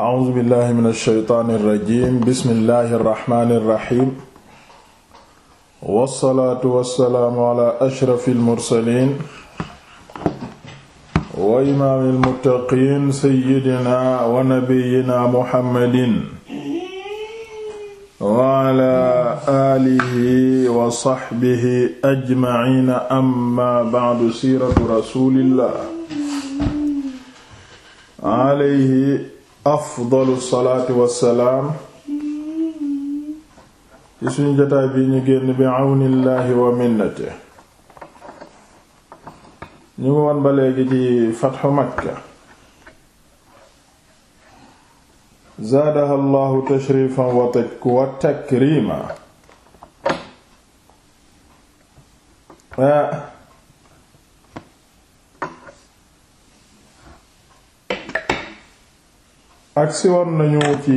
a'uuzu billahi min alsheytaani irrajim bismillahi irrahmani irrahim wassalaatu wassalaamu ala ashrafi almursalin wa imaami almuttaqiin sayyidina wa nabiyyina muhammadin wa ala aalihi wa saxbihi ajmaciina amma bacdu siiratu rasuulillah alayhi afdalu salaati wassalaam ci suñu jotaay bi ñu génn bi àwnillaahi wa minnate ñu ngi woon ba léegi ci fatxu makka zaadaha allahu tashrifan wa takrima ah, agsi woon nañu ci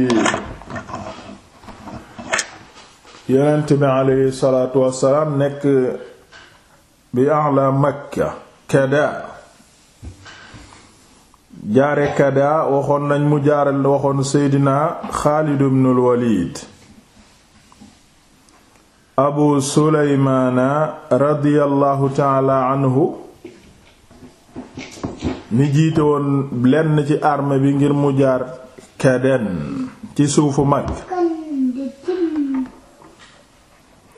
yonent bi aleyhi salaatu wassalaam nekk bi ala makka kada jaare kada waxoon nañ mu jaaral waxoon seydina xaalid ibnul walid abu suleymaana radiyallahu taala anhu mi jiite woon lenn ci arme bi ngir mu jaar makkaden ci suufu makk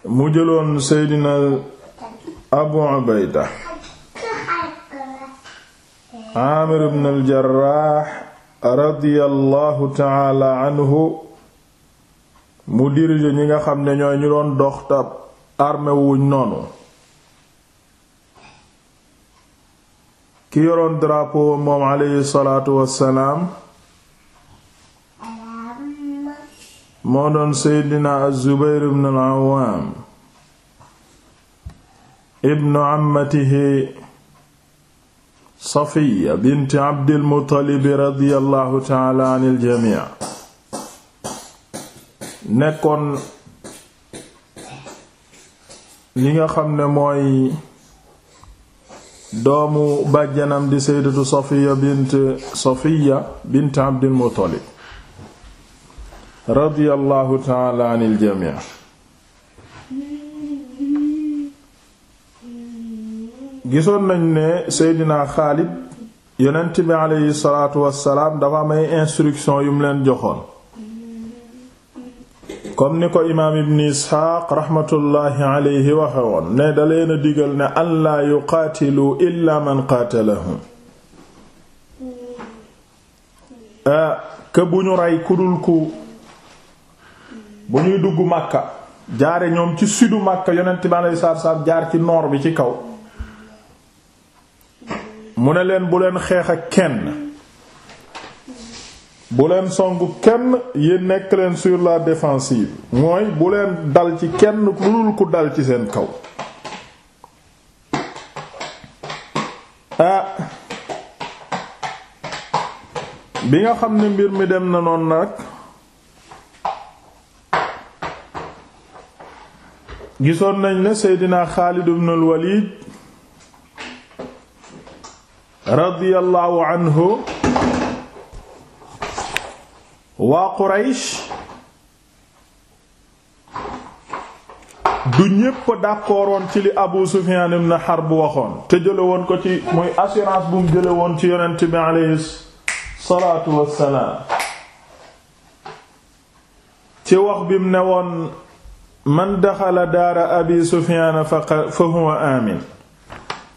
mu jëloon seydina abu ubayda amir ibn al jarraax radiyallahu taala anhu mu dirige ñi nga xam ne ñooy ñu doon dox tab noonu ki yoroon drapeau moom aleyhi salaatu wassalaam moo doon seydina az-Zubayr ibn al ibnu ammatihi Safiya bint Abdil Muttalib radiyallahu ta'ala anil jamii nekkoon li nga xam ne mooy doomu bàjjanam di seydatu Safiya bint Safiya bint Abdil Muttalib radiyallahu taala nañ ne Seydina Xaalid yonent bi aleyhi am ay instruction yu mu leen joxoon comme ni ko imaam ibn Isxaaq raxmatullaahi aleyhi ne da leen digal ne an yuqaatilu illaa man qaatalahum eh, ka bu ñu rey ku dul ku bu ñuy dugg màkka jaare ñoom ci sudu Makka yonent bi alayhi salaatu salaam jaar ci noor bi ci kaw mu ne leen bu leen xeex kenn bu leen songu kenn yéen nekk leen sur la défensive mooy bu leen dal ci kenn ku dul ku dal ci seen kaw ah bi nga xam ne mbir mi dem na noon nag gisoon nañ ne seydina Xaalid ibn al-Walid radiyallahu anhu waa Quraysh du ñépp d'accord woon ci li Abu Sufyan ibn Harb waxoon te jële woon ko ci muy assurance bu mu jële woon ci yonent bi alayhi salaatu wassalaam ci wax bi mu ne woon man daxala daara abi sufiaana fa huwa aamin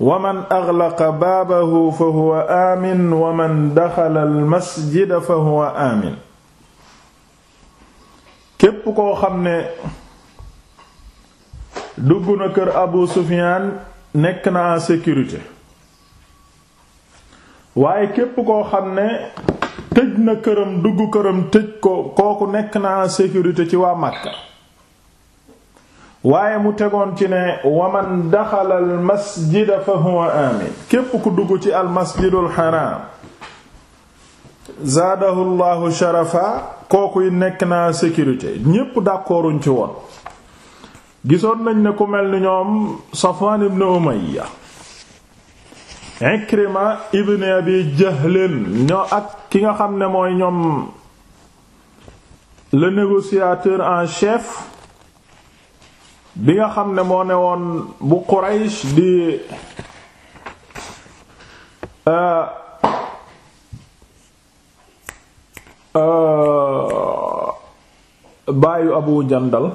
wa man axlaqa baabahu fa huwa aamin wa man daxala almasjida fa huwa aamin képp koo xam ne dugg na kër abu sufiaan nekk na en waaye képp koo xam ne tëj na këram dugg këram tëj ko kooku nekk naa en sécurité ci waa Makka waaye mu tegoon ci ne wa man daxala al masjida fa huwa képp ku dugg ci al masjidul haram zaadahu llahu sharafa kookuy nekk naa sécurité ñépp d'accorduñ ci woon gisoon nañ ne ku mel ni ñoom Safwan ibn Umayya Ikrima ibn Abi Jahlin ñoo ak ki nga xam ne mooy ñoom le négociateur en chef bi nga xam ne moo ne woon bu Quraysh di euh, euh, baayu Abu Jandal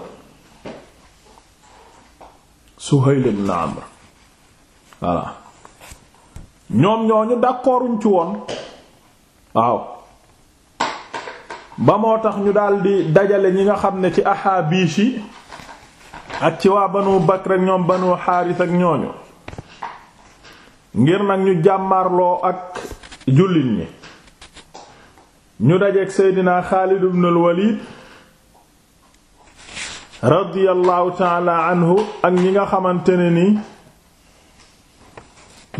Suhayl ibn Amr voilà ñoom ñooñu d'accorduñ ci woon waaw ba moo tax ñu daldi dajale ñi nga xam ne ci ahaabish yi ak ci waa banu Bakr ak ñoom banu Xaaris ak ñooñu ngir nag ñu jàmmarloo ak jullit ñi ñu dajeek seydinaa Xaalid ibn al Walid radiyallahu anhu ak ñi nga xamante ni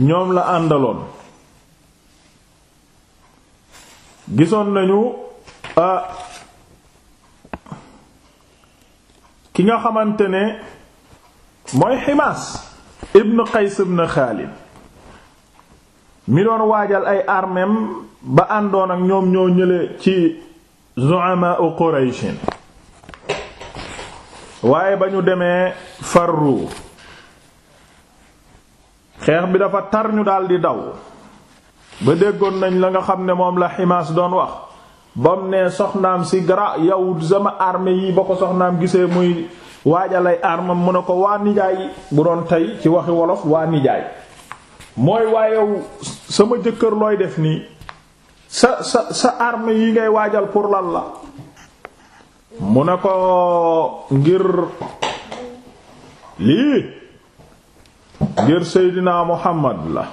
ñoom la àndaloon gisoon nañu ah, ki nga xamante ne mooy Himaas ibn Qays ibn Xaalid mi doon waajal ay armeem ba àndoon ak ñoom ñoo ñële ci zu'amaa Quraysh waaye ba ñu demee farru xeex bi dafa tar ñu daldi daw ba déggoon nañ la nga xam ne moom la Himaas doon wax bam ne soxnaam si gara yow sama armée yi ba ko soxnaam gisee muy waajalay armam mu ne ko waa nijaay bu doon tey ci waxi wolof waa nijaay mooy waa sama jëkkër looy def nii sa sa sa armée yi ngay waajal pour lal la mu ne ko ngir lii ngir Seydina Muhammad la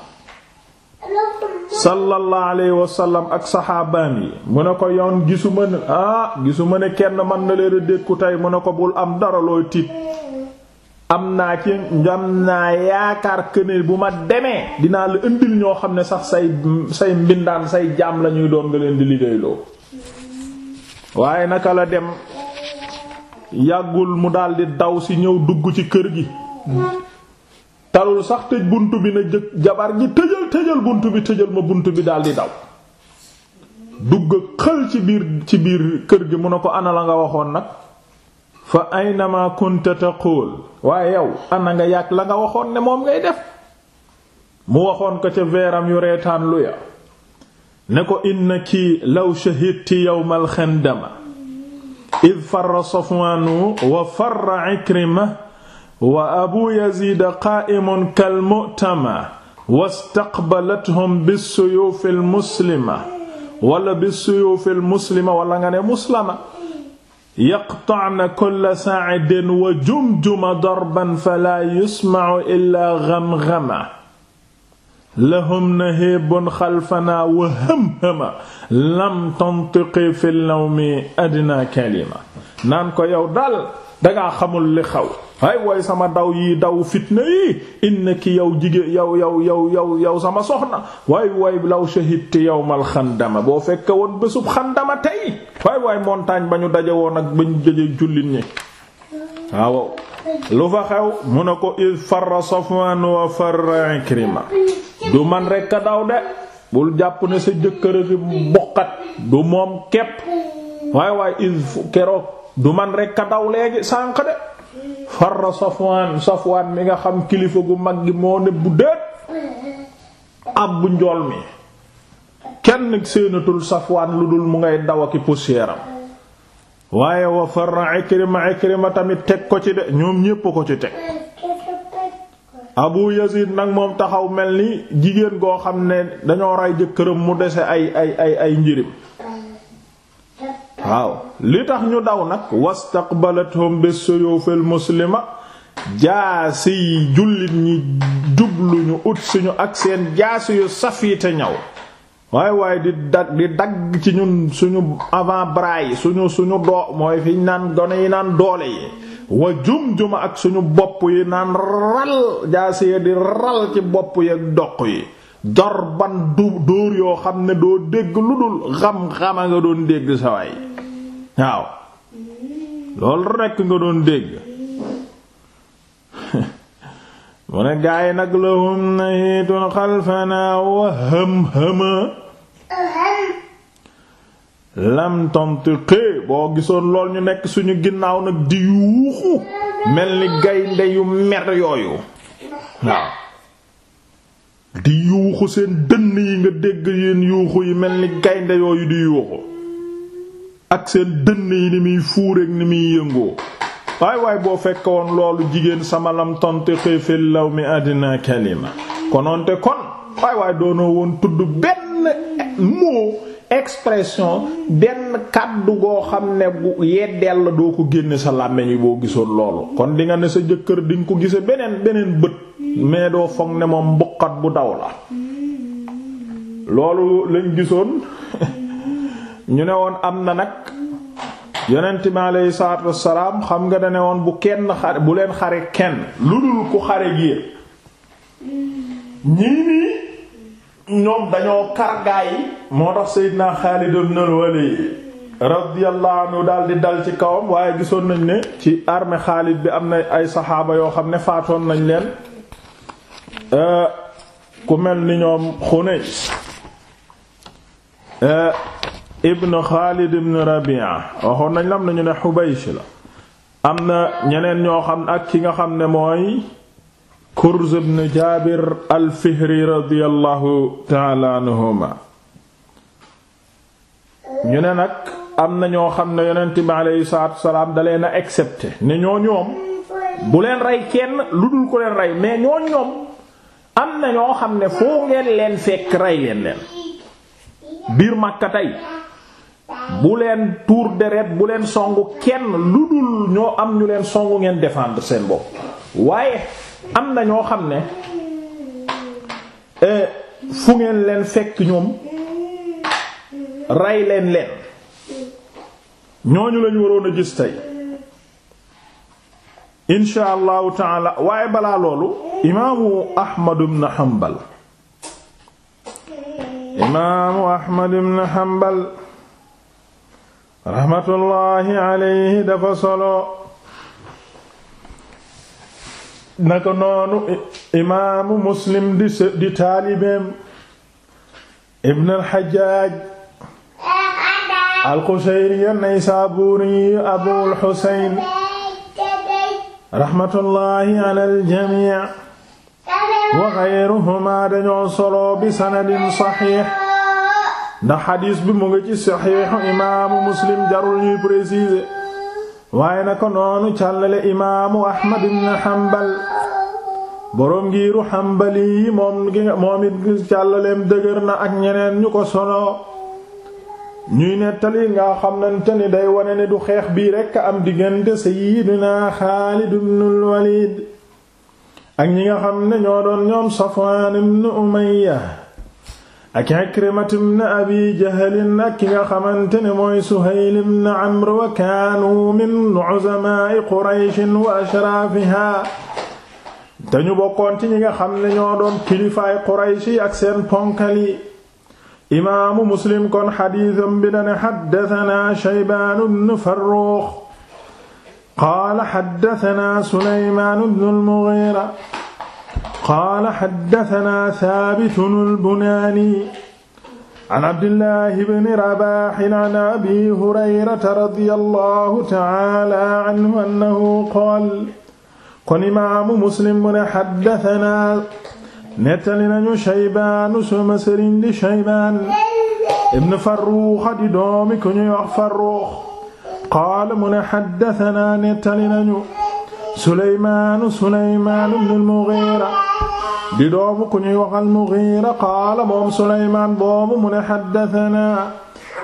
sallallahu alayhi wa sallam ak saxaabaan yi mu ne ko yoon gisuma ne ah gisuma ne kenn mën na leen a dékku tey mu ne ko bul am dara looy tiit am naa ci njam naa yaakaar këne bu ma demee dinaa la indil ñoo xam ne sax say mbindaan say jaam lañuy doon nga leen di liggéeyloo waaye naka la dem yàggul mu daldi daw ci ñëw dugg ci kër gi tarul sax tëj bunt bi na jëkk jabar ji tëjal tëjal bunt bi tëjal ma bunt bi daldi daw dugg xël ci biir ci biir kër gi mu ne ko ana la nga waxoon nag fa aynama kunta taqul waaye yow ana nga yàgg la nga waxoon ne moom ngay def mu waxoon ko ca veeram yu reetaan lu ya ne ko innaki law shahidti yawmal xandama id farra safwanu wa farra ikrima wa abu yazid qa'imun kal mu'tama wastaqbalathum bis-suyuf al-muslima wala bis-suyuf al-muslima wala nga ne muslima yaqta'na kulla sa'idin wa jumjuma darban fala yusma'u illa ghamghama lahum nahibun xalfanaa wa hamhama lam tantiqi fil lawmi adna kalima naan ko yow daal dangaa xamul li xaw ay way sama daw yi daw fitna yi inna ki yow jigéen yow yow yow yow yow sama soxna waay waay law shahidti yawmal xandama boo fekke woon bésub xandama tey waay waay montagne ba ñu daje woon ak ba ñu daje jullit ñi waaw lu fa xew mu ne ko il farra Safwan wa farra Ikrima du man rekk a daw de bul jàpp ne sa jëkkër bi mboqat du moom kepp waay waay il keroog du man rekk a daw léegi sànq de farra safwaan safwaan mi nga xam kilifa gu mag gi moo ne bu déet ab bu njool mi kenn séenatul safwaan lu dul mu ngay daw aki poussière waaye wa farra ikrima ikrima tamit teg ko ci de ñoom ñépp ko ci teg abu yazid nag moom taxaw mel ni jigéen goo xam ne dañoo rey jëkkëram mu dese ay ay ay ay njirim waaw li tax ñu daw nag wastaqbalathum bisuyufil muslima jaasi yi jullit ñi jubluñu ut suñu ak seen jaasi yu saf yi te ñaw waaye waaye di dag di dagg ci ñun suñu avant-bras yi suñu suñu doo mooy fiñ naan gone yi naan doole yi wa jum-juma ak suñu bopp yi naan ral jaasi yi di ral ci bopp yi doq yi dorban du dóor yoo xam ne doo dégg lu dul xam-xama nga doon dégg sawaay waaw loolu rekk nga doon dégg mu ne gaay nag lahum nahiitun xalfanaa wa hëm-hëma lam tantiqi boo gisoon lool ñu nekk suñu ginnaaw nag di yuuxu mel ni gaynde yu mer yooyu waaw di yuuxu seen dënn yi nga dégg yeen yuuxu yi mel ni gaynde yooyu di yuuxu ak seen dënn yi ni muy fuureek ni muy yëngoo waay waay boo fekk woon loolu jigéen sama lam tonte xëyfil law mi àddina kalima konoonte kon waay waay doonoo woon tudd benn mot expression benn kàddu goo xam ne bu yeddeel la doo ko génne sa làmmiñ boo gisoon loolu kon di ne sa jëkkër di ko gise beneen beneen bët mais doo foog ne moom mbuqat bu daw la loolu lañ gisoon ñu ne woon am na nag yonent mi aleyhi salaatu xam nga da ne woon bu kenn xare bu leen xare kenn lu dul ku xare gi ñii nii ñoom dañoo kargaay moo tax Seydina Xaalid ibn al-Walid radiyallahu daal di dal ci kawam waaye gisoon nañ ne ci armée Xaalid bi am na ay saxaaba yoo xam ne faatoon nañ leen euh, ku mel ni ñoom Xunays euh, ibn Xaalid ibn Rabi'a waxoon nañ la am na ñu ne Hubaysh la am na ñeneen ñoo xam ne ak ki nga xam ne mooy Kurz ibn Jaabir al-Fihri radiyallahu ta'ala ñu ne nag am na ñoo xam ne yonent bi aleyhi salaatu wasalaam da a accepté ne ñoo ñoom bu leen rey kenn lu dul ko leen rey mais ñoo ñoom am na ñoo xam ne foo ngeen leen fekk rey leen leen biir Makka tey bu leen tuur deret bu leen songu kenn lu dul ñoo am ñu leen songu ngeen défendre seen bopp waaye am na ñoo xam ne euh, fu ngeen leen fekk ñoom rey leen leen ñooñu lañu waroon a gis tey insha allahu taala waaye balaa loolu imaamu ahmad ibn hanbal imaamu ahmad ibn hanbal raxmatullaahi alayhi dafa solo naka noonu imaamu muslim di di taalibeem ibn alxajaaj alxuseyri ya naysaabuuri abul xuseyn raxmatullaahi ala aljamiic wa xeyruhumaa dañoo solo bi sanadin saxiix ndax xadiis bi mu ngi ci saxiixu imaamu muslim jarul ñuy préciser waaye naka noonu càllale imaamu ahmad ibn hanbal ngiiru hanbali moom gi moom càllaleem dëgër na ak ñeneen ñu ko solo ñuy nettali nga xamante ni day wone ne du xeex bii rekk am diggante sayyidina xaalid ibn al-walid ak ñi nga xam ne ñoo doon ñoom safwaan ibn umayya ak Ikrimatu ibn Abi Jahlin ak ki nga xamante ne mooy Suhayl ibn Amr wa kaanu min uzamaa'i Qurayshin wa ashraafihaa dañu bokkoon ci ñi nga xam ne ñoo doon kilifaay Quraysh yi ak seen ponkal Muslim kon xadiisam bi dane Shaybaan ibn Farrukh qaala xaddatanaa Sulaymaan ibn al-Mughiira qaala xaddatanaa saabitun albunaani an abdillahi bni rabaxin an abi hurayrata radi allahu taala anhu annahu qaal kon imaamu muslim mu ne xaddatanaa nettali nañu shaybaanu sama sëriñ di shaybaan ibn farruuxa di doomi ku ñuy wax farruux qaala mu ne xaddatanaa nettali nañu suleymaanu suleymaan ibn al-mughira di doomu ku ñuy waxal Mughira qaala moom Sulaymaan boobu mu ne haddasanaa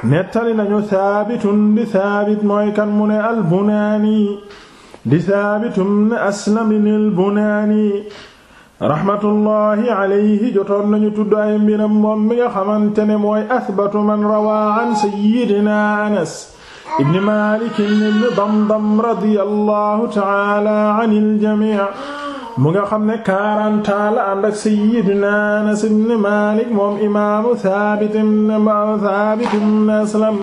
nettali nañu saabitun di saabit mooy kan mu ne al-Bunaani di saabitum ne aslamin al-Bunaani rahmatullahi alayhi jotoon nañu tudd ay mbiram moom mi nga xamante ne mooy asbatu man rawaa an sayyidina Anas ibn Maalik ibn Damdam radiyallahu ta'ala anil jamii' mu nga xam ne quarante ans la ànd ak sayyidina Anas ibn Malik moom imaamu Thabit ibn Thabit ibn Aslam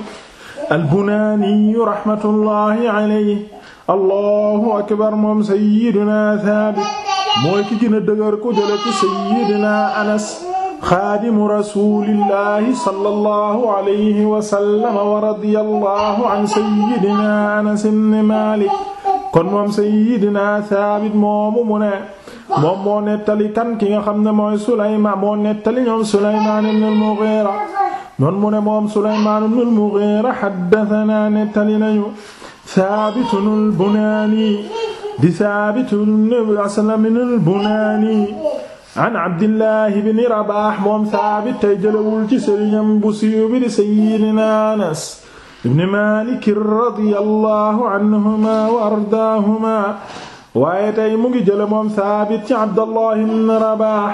al-Bunani rahmatullahi alayhi allahu akbar moom sayyidina Thabit mooy ki gën a dëgër ko jële ci sayyidina Anas xaadimu rasulillahi sallallahu alayhi wa sallam wa radiyallahu an sayyidina Anas ibn Malik kon moom sayyidina Saabit moomu mu ne moom moo nettali kan ki nga xam ne mooy Sulaymaan moo nettali ñoom Sulaymaan ibn al-Mughiira noon mu ne moom Sulaymaan ibn al-Mughiira haddathanaa nettali nañu Saabitun al-Bunaani di Saabitun ibn Aslam al-Bunaani an Abdillahi ibn Rabaah moom Saabit tey jëlawul ci sëriñam bu siiw bi di sayyidina Anas ibn Maalik radiyallahu anhuma wa ardaahuma waaye tey mu ngi jële moom Saabit ci Abdallah ibn Rabaah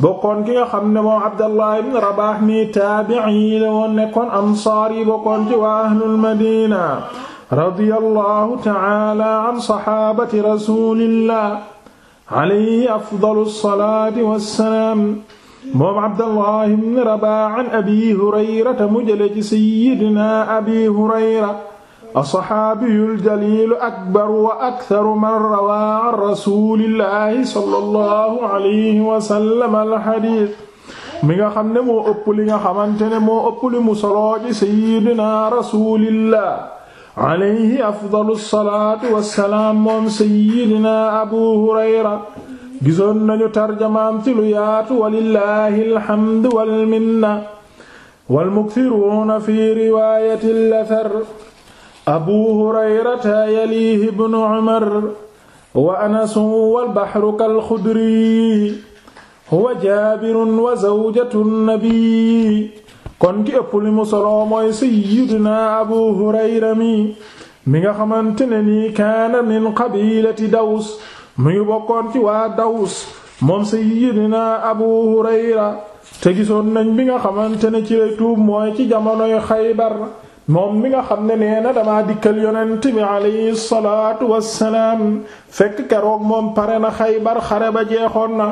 bokkoon ki nga xam ne moom Abdallah ibn Rabaah mi taabi'i la woon nekkoon ansaar yi bokkoon ci waa ahlul Madiina radiyallahu ta'aala an sahaabati rasuulillah alayhi afdalu salaati wassalaam moom Abdallah ibn Rabaa an Abi Hurayrata mu jële ci sayyidina Abi Hurayra as-saxaabiyul jaliilu akbar wa aktaru man rawaa an rasuulillaahi sallallahu alayhi wa sallam al-hadiis mi nga xam ne moo ëpp li nga xamante ne moo ëpp li mu soloo ci sayyidina rasuulillaah alayhi afdalu salaatu wa salaam moom sayyidina Abu Hurayra gisoon nañu tarjamaam ci lu yaatu walillahi alhamdu wal minna wal mukthiruuna fi riwaayati al-athar abu hurayrata yalihi ibnu umar wa anasu wal bahru kal xudri huwa jaabirun wa zawjatu nabi kon ki ëpp li mu solo mooy sayyidina abu hurayra mi mi nga xamante ne nii kaana min qabilati daws mu ngi bokkoon ci waa Dawus moom sayyidina Abu Hurayra te gisoon nañ bi nga xamante ne ci lay tuub mooy ci jamonoy Xaybar moom mi nga xam ne nee na damaa dikkal yonent bi alayhi salaatu wassalaam fekk keroog moom pare na Xaybar xare ba jeexoon na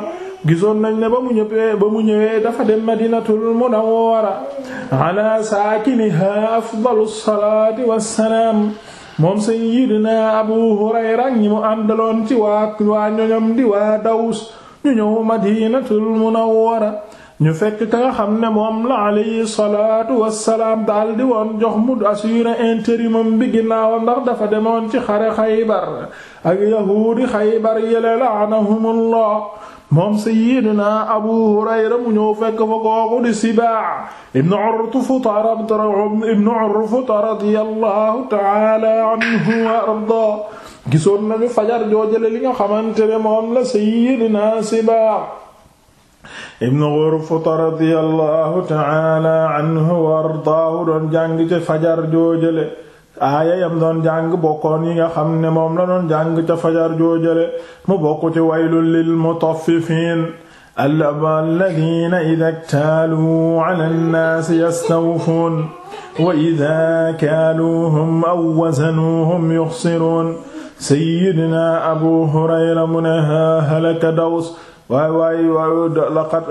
gisoon nañ ne ba mu ñëwee ba mu ñëwee dafa dem madinatul munawwara ala saakiniha afdalu salaati wassalaam moom sayyidina Abu Hurayra ñi mu àndaloon ci waa waa ñoñom di waa Daws ñu ñëw Madinatul Munawwara ñu fekk ka nga xam ne moom la alayhi salaatu wassalaam daldi woon jox mu assuré intérimam bi ginnaaw ndax dafa demoon ci xare Xaybar ak yahuudi Xaybar yele la'anahumullah moom sayyidina Abu Hurayra mu ñëw fekk fa kooku di Sibaa ibn Urfuta radiyallahu ta'ala anhu wa ardaa gisoon nañu fajar joojale li nga xamante ne moom la sayyidina Sibaa ibn Urfuta radiyallahu ta'ala anhu wa ardaahu doon jàng ci fajar joojale aaya yam doon jàng bokkoon yi nga xam ne moom la doon jàng ca fajar joojale mu bokk ci waylul lil mutaffifiin alladhiina idha ktaaluu ala nnaasi yastawfuun wa idha kaaluuhum aw wazanuuhum yuxsiruun sayyidina abu hurayra mu ne haa halaka daws waay waay laqad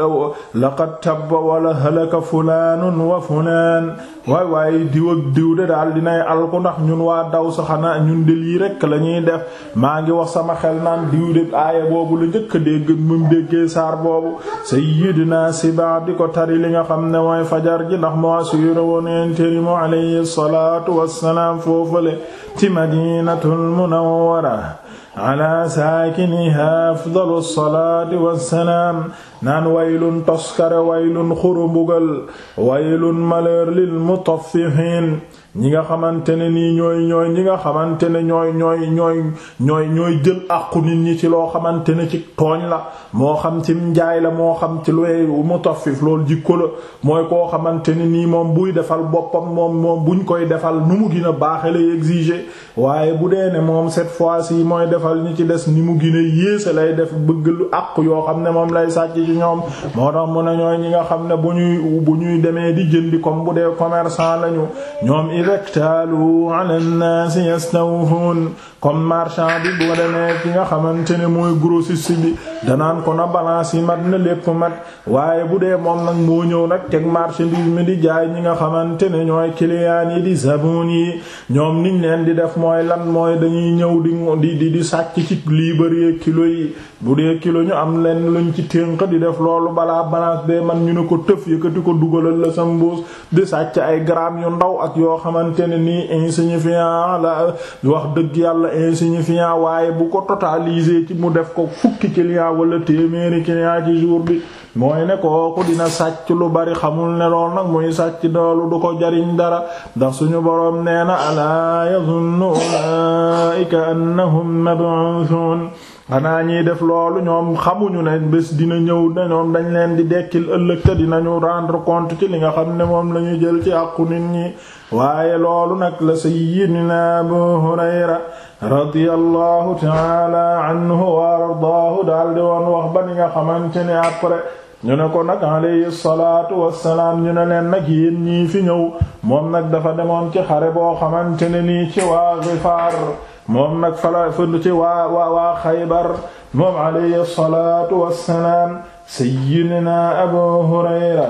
laqad tabba wala halaka fulaanun wa fulaan waay waaye diw ak diw de daal dinay alku ndax ñun waa daw sa xanaa ñun de lii rek la ñuy def maa ngi wax sama xel naan diw aaya boobu la njëkk a dégg mu déggee saar boobu sayyidina Siba di ko tari li nga xam ne mooy fajar ji ndax moo assuré woon intérim alayhi salaatu wassalaam foofale ci madinatul munawwara ala saakiniha afdalu salaati wassalaam naan waylun toskare waylun xuru mbugal waylun malheur lil mutaffifiin ñi nga xamante ne nii ñooy ñooy ñi nga xamante ne ñooy ñooy ñooy ñooy ñooy jël àqu nit ñi ci loo xamante ne ci tooñ la moo xam ci njaay la moo xam ci looy mutaffif loolu jikko la mooy koo xamante ne nii moom buy defal boppam moom moom buñ koy defal nu mu gën a baaxe lay exiger waaye bu dee ne moom cette fois ci mooy defal ñi ci des ni mu gën yéese lay def bëgg lu àqu yoo xam ne moom lay sàcc ci ñoom moo tax mu ne ñooy ñi nga xam ne bu ñuy bu ñuy demee di jëndi comme bu dee commerçant lañu idha ktaaluhu ala nnaasi yastawfuun comme marchand bi boo demee ki nga xamante ne mooy grossiste bi danaan ko na balance yi mat na lépp mat waaye bu dee moom nag moo ñëw nag teg marchandise mi di jaay ñi nga xamante ne ñooy clients yi di zaboon yi ñoom niñ leen di def mooy lan mooy dañuy ñëw di di sàcc ci liibar yi kilo yi bu dee kilo ñu am lenn luñ ci ténq di def loolu balaa balance bee man ñu ne ko tëf yëkkati ko dugalal la sa mbuus di sàcc ay grammes yu ndaw ak yoo xamante ne nii insignifiant la wax dëgg yàlla insignifiant waaye bu ko totaliser ci mu def ko fukki client wala téeméeri client ci jour bi mooy ne kooku dina sàcc lu bari xamul ne lool nag muy sàcc doolu du ko jariñ dara ndax suñu boroom nee na alaa yazunnu ulaa'ika annahum mab'uuthun xanaa ñii def loolu ñoom xamuñu ne bés dina ñëw ne ñoom dañ leen di dekkil ëllëg te dinañu rendre compte ci li nga xam ne moom la ñu jël ci akku nit ñi waaye loolu nag la sayyidina Abu Hurayra radiyallahu ta'ala anhu wa ardaahu daal di woon wax ba ni nga xamante ni après ñu ne ko nag alayhi salaatu wassalaam ñu ne leen nag yéen ñii fi ñëw moom nag dafa demoon ci xare boo xamante ne nii ci waa Gifaar moom nag fala fënd ci waa waa waa xaybar moom alayhi salaatu wassalaam sayyidina abu hurayra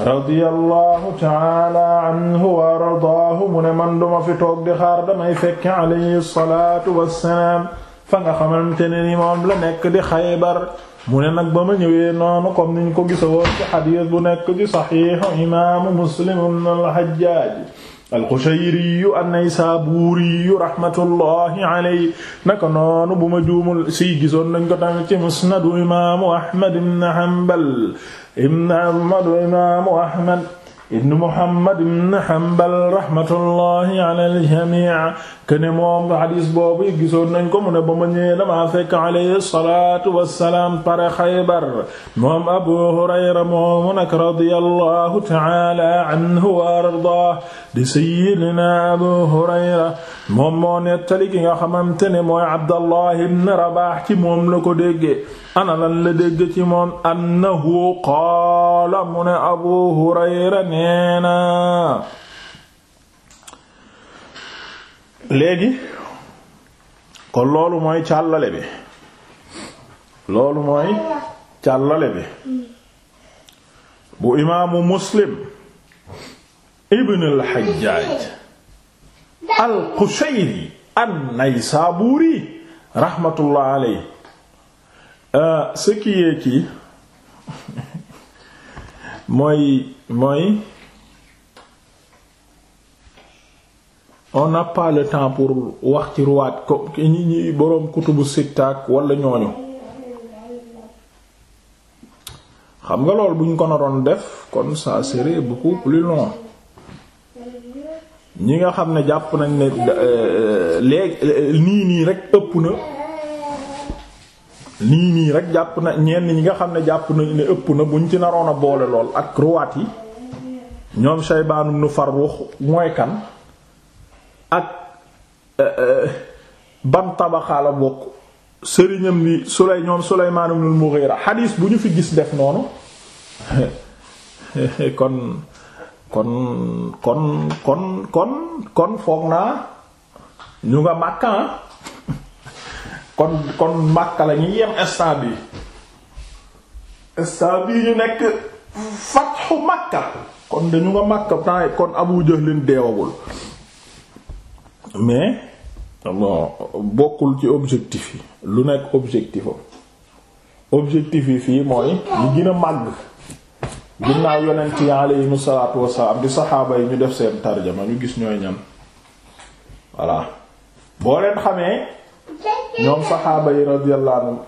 radiyallahu taala anhu wa ardaahu mu ne man duma fi toog di xaar damay fekk alayhi salaatu wassalaam fa nga xamante ne ni moom la nekk di xaybar mu ne nag ba ma ñëwee noonu comme niñ ko gisa woon ci xadiis bu nekk di saxiixu imaamu muslim ibn al-hajjaaj alxushayriyu an-naysaabuuriyu rahmatullahi alayhi naka noonu bu ma juumul siy gisoon nañ ko tamit ci musnadu imaamu ahmad ibn hanbal ibn ahmad imaamu ahmad ibn Muhammad ibn Hanbal rahmatullahi ala al-jamii kene moom hadis boobu gisoon nañ ko mu ne ba ma ñëwee damaa fekk alayhi salaatu wassalaam pare Xaybar moom Abu Hurayra moomu nag radiyallahu ta'ala anhu wa ardaah di sayyidina Abu Hurayra moom moo nettali ki nga xamante ne mooy Abdallah ibn Rabaah ci moom la ko déggee ana lan la dégg ci moom annahu qaala qaala mu ne abu loolu mooy càllale bi loolu mooy càllale bi bu imaamu muslim ibn al-hajjaj al-qushayri an-naysaburi rahmatullah alayhi euh, ce qui mooy mooy on n'a temps pour wax ci ruwaat ko ñi ñi boroom kutubu sittaak wala ñooñu xam nga lool buñ ko naroon def kon ça serait beaucoup plus long ñi nga xam ne jàpp nañ ne euh, léegi nii nii rek ëpp na nii nii rek jàpp na ñenn ñi nga xam ne jàpp nañ ne ëpp na buñ ci naroon a boole lool ak ruwaat yi ñoom Shaybaan ibn Farrux mooy kan ak eh, eh, ban tabaxa la bokk sëriñam bi Sulay ñoom Sulaymaan ibn al-Mughira xadiis bu ñu fi gis def noonu kon kon kon kon kon foog naa ñu nga Makka ah. kon kon Makka la yem instant bi instant bii ñu nekk fatxu Makka kon dañu nga Makka temps kon Abu leen deewagul mais bon bokkul ci objectif yi lu nekk objectif objectif yi fii mooy li gën a màgg ginnaaw yonent yi aleyhim salaatu wasalaam di saxaaba yi ñu def seen tarjama ñu gis ñooy ñan voilà boo leen xamee ñoom saxaaba yi radiyallahu anhum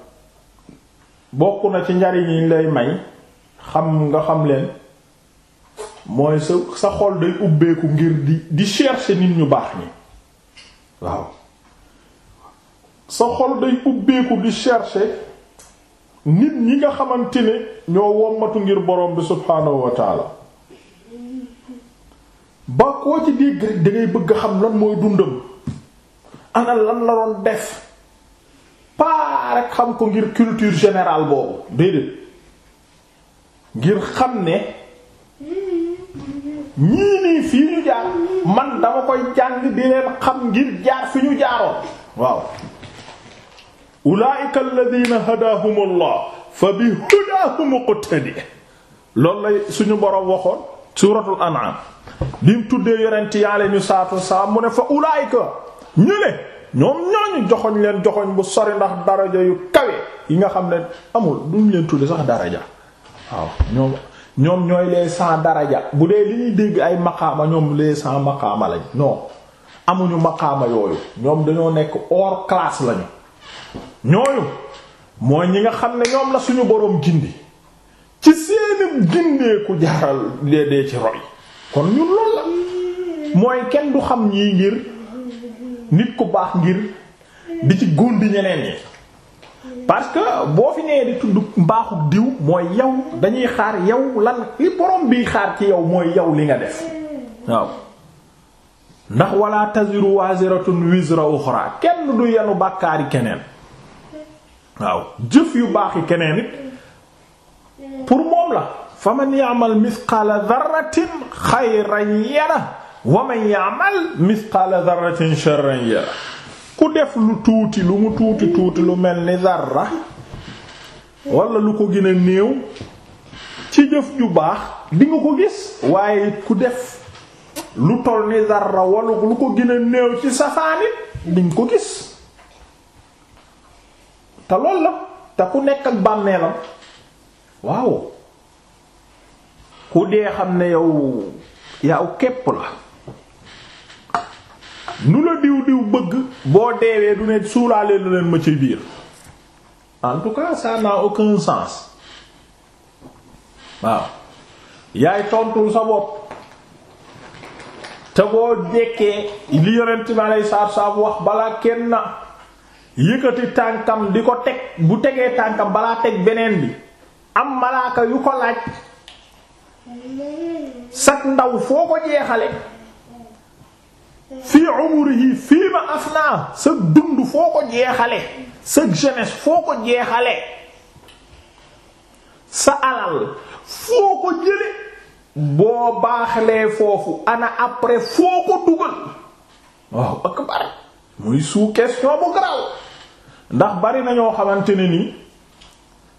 bokk na ci njariñ yi lay may xam nga xam leen mooy sa sa xol day ubbeeku ngir di di chercher nit ñu baax ñi waaw sa xol day ubbeeku di chercher nit ñi nga xamante ne ñoo wommatu ngir borom bi subhaanahu wa taala ba koo ci dégg dangay bëgg xam lan mooy dundam ana lan la doon def pas rek xam ko ngir culture générale boobu déedéet ngir xam ne ñii nii ñu jaar man dama koy jàng di leen xam ngir jaar fi ñu jaaroon waaw ulaa'ika alladhina hadahumullah fa bi hudahum qutadi loolu lay suñu boroom waxoon suuratul an'am bi mu tuddee yonent yi alayhi salaatu mu ne fa ulaa'ika ñu ñoom ñooñu joxoñ leen joxoñ bu sori ndax daraja yu kawe yi nga xam ne amul duñ leen tudde sax daraja waaw ñoom ñoom ñooy les cent daraja bu dee li ñuy dégg ay maqaama ñoom les cent maqaama lañ noo amuñu maqaama yooyu ñoom dañoo nekk hors classe lañu ñooñu mooy ñi nga xam ne ñoom la suñu boroom gindi ci seeni gindeeku jaaral dee dee ci roy kon ñun loolu la mooy kenn du xam ñii ngir nit ku baax ngir di ci góondi ñeneen ñi parce que boo fi nee di tudd mbaaxu diw mooy yow dañuy xaar yow lan li borom bi xaar ci yow mooy yow li nga def waaw ndax wala taziru waziratun wizra uxra kenn du yenu bàkkaari keneen waaw jëf yu baax yi keneen it pour moom la faman ya'mal mithqala dharratin xayran yara wa man ya'mal a dharratin sharran yara ku def lu tuuti lu mu tuuti tuuti lu mel ni dara wala lu ko gën a néew ci jëf ju baax dinga ko gis waaye ku def lu toll ni dara wala lu ko gën a néew ci safaanit di nga ko gis te lool la te ku nekk ak bàmmeelam waaw ku dee xam ne yow yaw képp la nu la diw diw bëgg boo deewee du ne suulaalee na leen ma ci biir en tout cas ça n'a aucun sens waaw yaay tontul sa bopp te boo dekkee li yonent bi aleyhi salaatu salaam wax balaa kenn na yëkkati tànkam di ko teg bu tegee tànkam balaa teg beneen bi am malaaka yu ko laaj sat ndaw foo ko jeexale fii umrihi fii ma afna sa dund foo ko jeexale sa jeunesse foo ko jeexale sa alal foo ko jële boo baaxlee foofu ana après foo ko dugal waaw akbar muy sous question bu garaw ndax bari nañoo ñoo xamante ne nii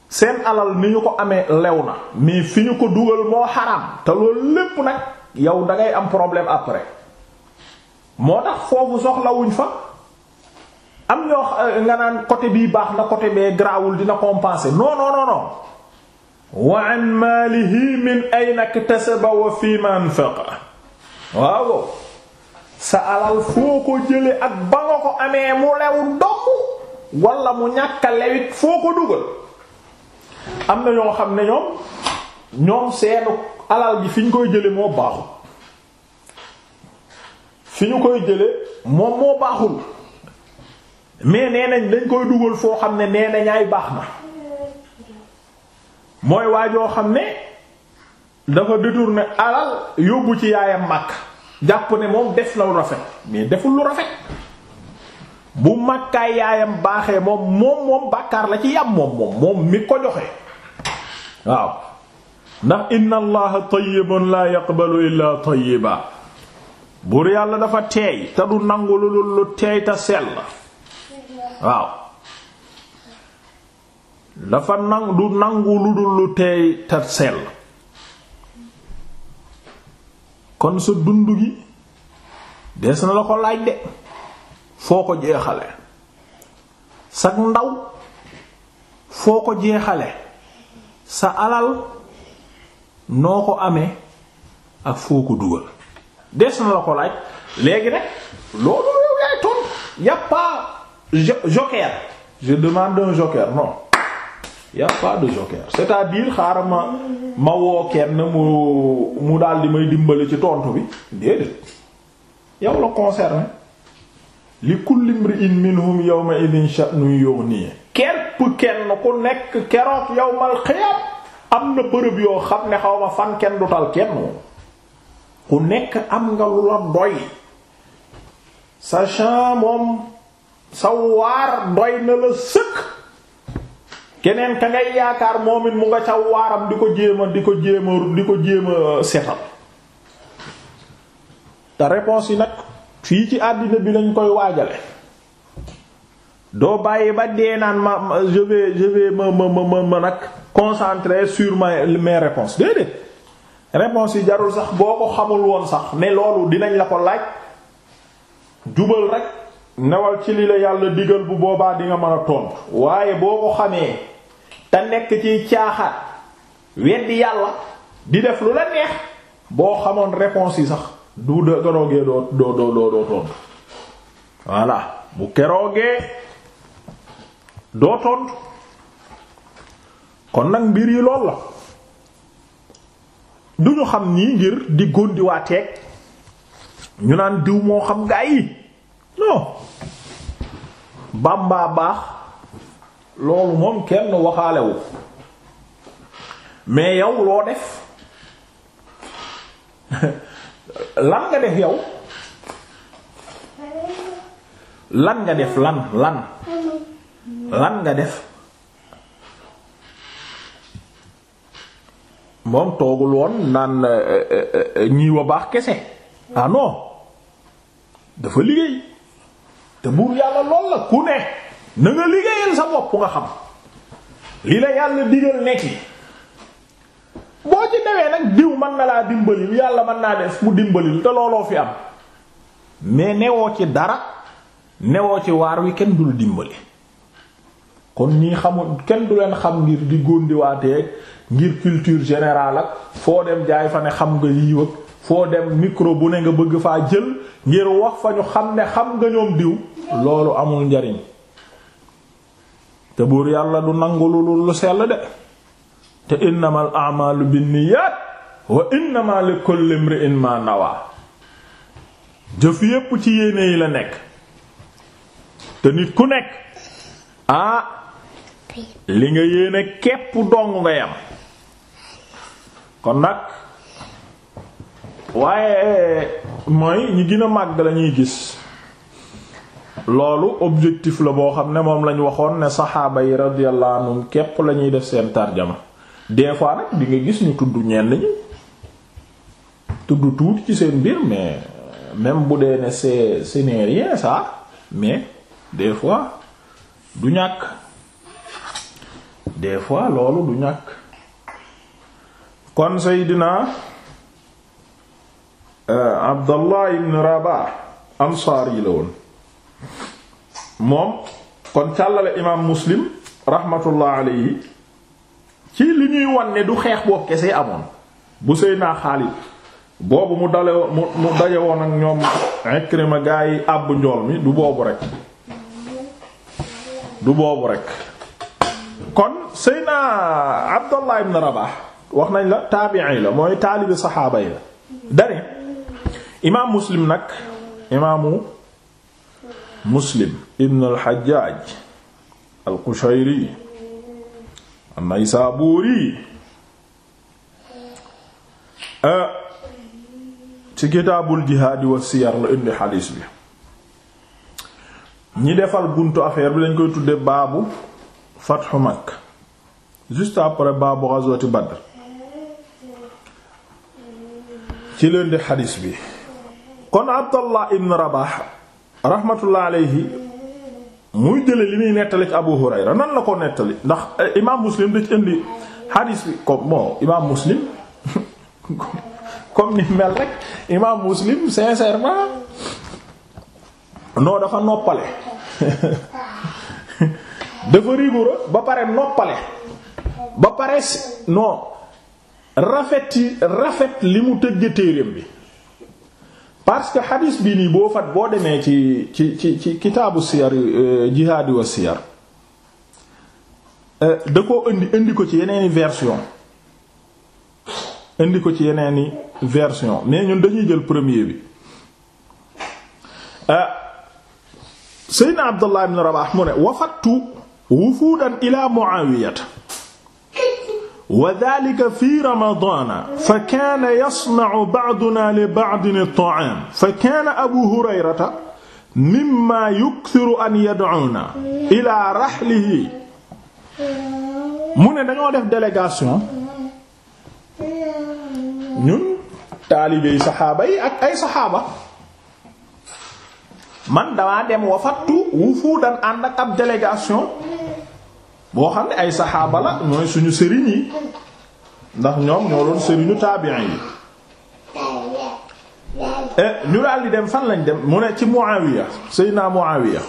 seen alal ni ñu ko amee lew na mais fi ñu ko dugal moo xaram te loolu lépp nag yow dangay am problème après moo tax foofu soxlawuñ fa am ñoo euh, nga naan côté bii baax na côté bee garaawul dina compenser non non non non wa an maalihi min ayna iktasaba wa fima anfaqa sa alal foo ko jële ak ba nga ko amee mu lew dong wala mu ñàkka lewit foo ko dugal am na ñoo xam ne ñoom ñoom seenu alal ji fi ñu koy jële moo baaxul fi ñu koy jële moom moo baaxul mais nee nañ dañ koy dugal foo xam ne nee nañaay baax na mooy waajoo xam ne dafa détourné alal yóbbu ci yaayam màkk jàpp ne moom def la lu rafet mais deful lu rafet bu màkkaay yaayam baaxee moom moom moom bàkkaar la ci yam moom moom moom mi ko joxe waaw ndax inna allaha tayyibun la yaqbalu illa tayyiba buur yàlla dafa teey te du nangu lu lu teey te sell waaw dafa nangu du nangu lu dul lu teey te sell kon sa dund gi des na la ko laaj de foo ko jeexale sag ndaw foo ko jeexale sa alal noo ko amee ak foo ko dugal des na la ko laaj léegi nag loolu yow yaay tontu y a pas je demande un joker non de joker c'est-à-dire xaaral ma ma woo kenn mu mu daal di may dimbali ci tontu bi déedéet yow la concerné li kulli imri'in minhum yawma idhin sha'nun yughni képp kenn ku nekk keroog yawmal qiyaam am na bërëb yoo xam ne xaw ma fan kenn du tal kenn. ku nekk am nga lu la doy sa champ moom sa waar doy na la sëkk keneen ka ngay yaakaar moom mu nga ca waaram di ko jéema di ko jéema di ko jéema setal te réponse yi nag fii ci àddina bi lañ koy waajale doo bàyyi ba dee naan ma je vais je vais ma ma ma ma nag concentrer sur ma mes réponses déedéet réponse yi jarul sax boo ko xamul woon sax ne loolu dinañ la ko laaj jubal rek newal ci lii la yàlla digal bu boobaa di nga mën a tontu waaye boo ko xamee te nekk ci caaxaat weddi yàlla di def lu la neex boo xamoon réponse yi sax du de keroogee doo doo doo doo tontu voilà bu keroogee doo tontu kon nag mbir yi lool la. du ñu xam nii ngir di góndiwaateeg ñu naan diw moo xam gaa yi non bàmbaa baax loolu moom kenn waxaalewu mais yow loo def lan nga def yow lan nga def lan lan lan nga def moom toogul woon naan euh, euh, euh, ñii baax kese ano ah dafa liggéey te buur yàlla lool la ku ne na liggéeyal sa bopp nga xam li la yàlla digal nekk boo ci newee nag diw mën na laa dimbalil yàlla mën naa def mu dimbalil te looloo fi am mais newoo ci dara newoo ci waar wi kenn dul la dimbali kon ñii xamul kenn du leen xam ngir di góondiwaatee ngir culture générale ak foo dem jaay fa ne xam nga yiiw foo dem micro bu ne nga bëgg faa jël ngir wax fa ñu xam ne xam nga ñoom diw loolu amul njariñ te buur yàlla du nangu lu lu sell de te innamal a'malu binniyat wa innama likulli imrin nawa jëf yépp ci yéene yi la nekk te nit ku nekk ah li nga yéene képp dong nga yam kon nag waaye mooy ñi gën a màgg lañuy gis loolu objectif la boo xam ne moom lañ waxoon ne saxaaba yi radiyallahu anhum képp la ñuy def seen tarjama des fois nag di nga gis ñu tudd ñenn ñi tudd tuuti ci seen mbir mais même bu dee ne c'est ce n'est ça mais des fois du ñàkk des fois loolu du ñàkk kon Seydina eh, Abdallah ibn Rabah ansaar yi la woon moom kon càllale imaam Muslim rahmatullah yi ci li ñuy wan ne du xeex boo kese amoon bu Seydina Xaalid boobu mu dale mu mu daje woon ak ñoom Ikrima gaa yi àbb njool mi du boobu rek du boobu rek kon Seydina Abdallah ibn Rabah wax nañ la taabi'i la mooy taalibi saxaabay yi la dare imaam muslim nag imaamu muslim ibn al-Hajjaj al-Qushayri an-Naysaburi ci kitaabul jihaadi wa siyar la indi xadiis bi ñi defal buntu affaire bi lañ koy tudde baabu fatxu Makka juste après baabu ghazwati Badr ci leen di xadis bi kon abdallah ibn rabah rahmatullah alayhi muy jële li muy nettali ci abu hurayra nan la ko nettali ndax eh, imam muslim da ci indi xadis bi comme bon imam muslim comme ni mel rek imam muslim sincèrement non dafa noppale dafa rigoureux ba pare noppale ba pare non rafet yi rafet li mu tëgg téereem bi parce que xadis bi nii boo fat boo demee ci ci ci ci kitaabu siyar euh, jihaadi wa siyar euh, da koo indi indi ko ci yeneeni version indi ko ci yeneeni version mais ñun dañuy jël premier bi euh, seydna abdullah ibn rabaah mu ne wafattu wufuudan ila muawiyata wa daalika fii ramadaana fa kaana yasna'u ba'dunaa li ba'din at-ta'aam fa kaana abuu hurayrata mimmaa yukthiru an yad'uunaa ilaa rahlihi mu ne dañoo def délégation ñun taalibey saxaaba yi ak ay saxaaba man damaa dem wafattu wufuudan ànd ak ab délégation boo xam ne ay saxaaba la ñooy suñu sëriñ yi ndax ñoom ñoo doon sëriñu taabiin yi eh, ñu daal di dem fan lañ dem mu ne ci Muawiya Seydina Muawiya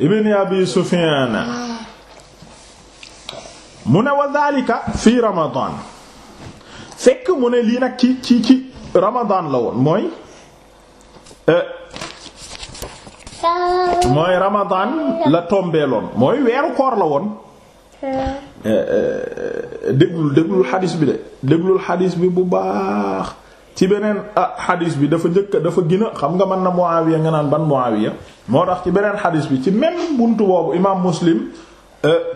ibn Abi Sufyan mu ne wa daalika fii Ramadan fekk mu ne lii nag ci ci ci Ramadan la woon mooy eh, mooy Ramadan la tombeeloon mooy weeru koor la woon. Eh, eh, eh, déglul déglul xadis bi de déglul xadis bi bu baax ci beneen ah xadis bi dafa njëkk dafa gën xam nga mën na Muawiya nga naan ban Muawiya moo tax ci beneen xadis bi ci même buntu boobu imaam Muslim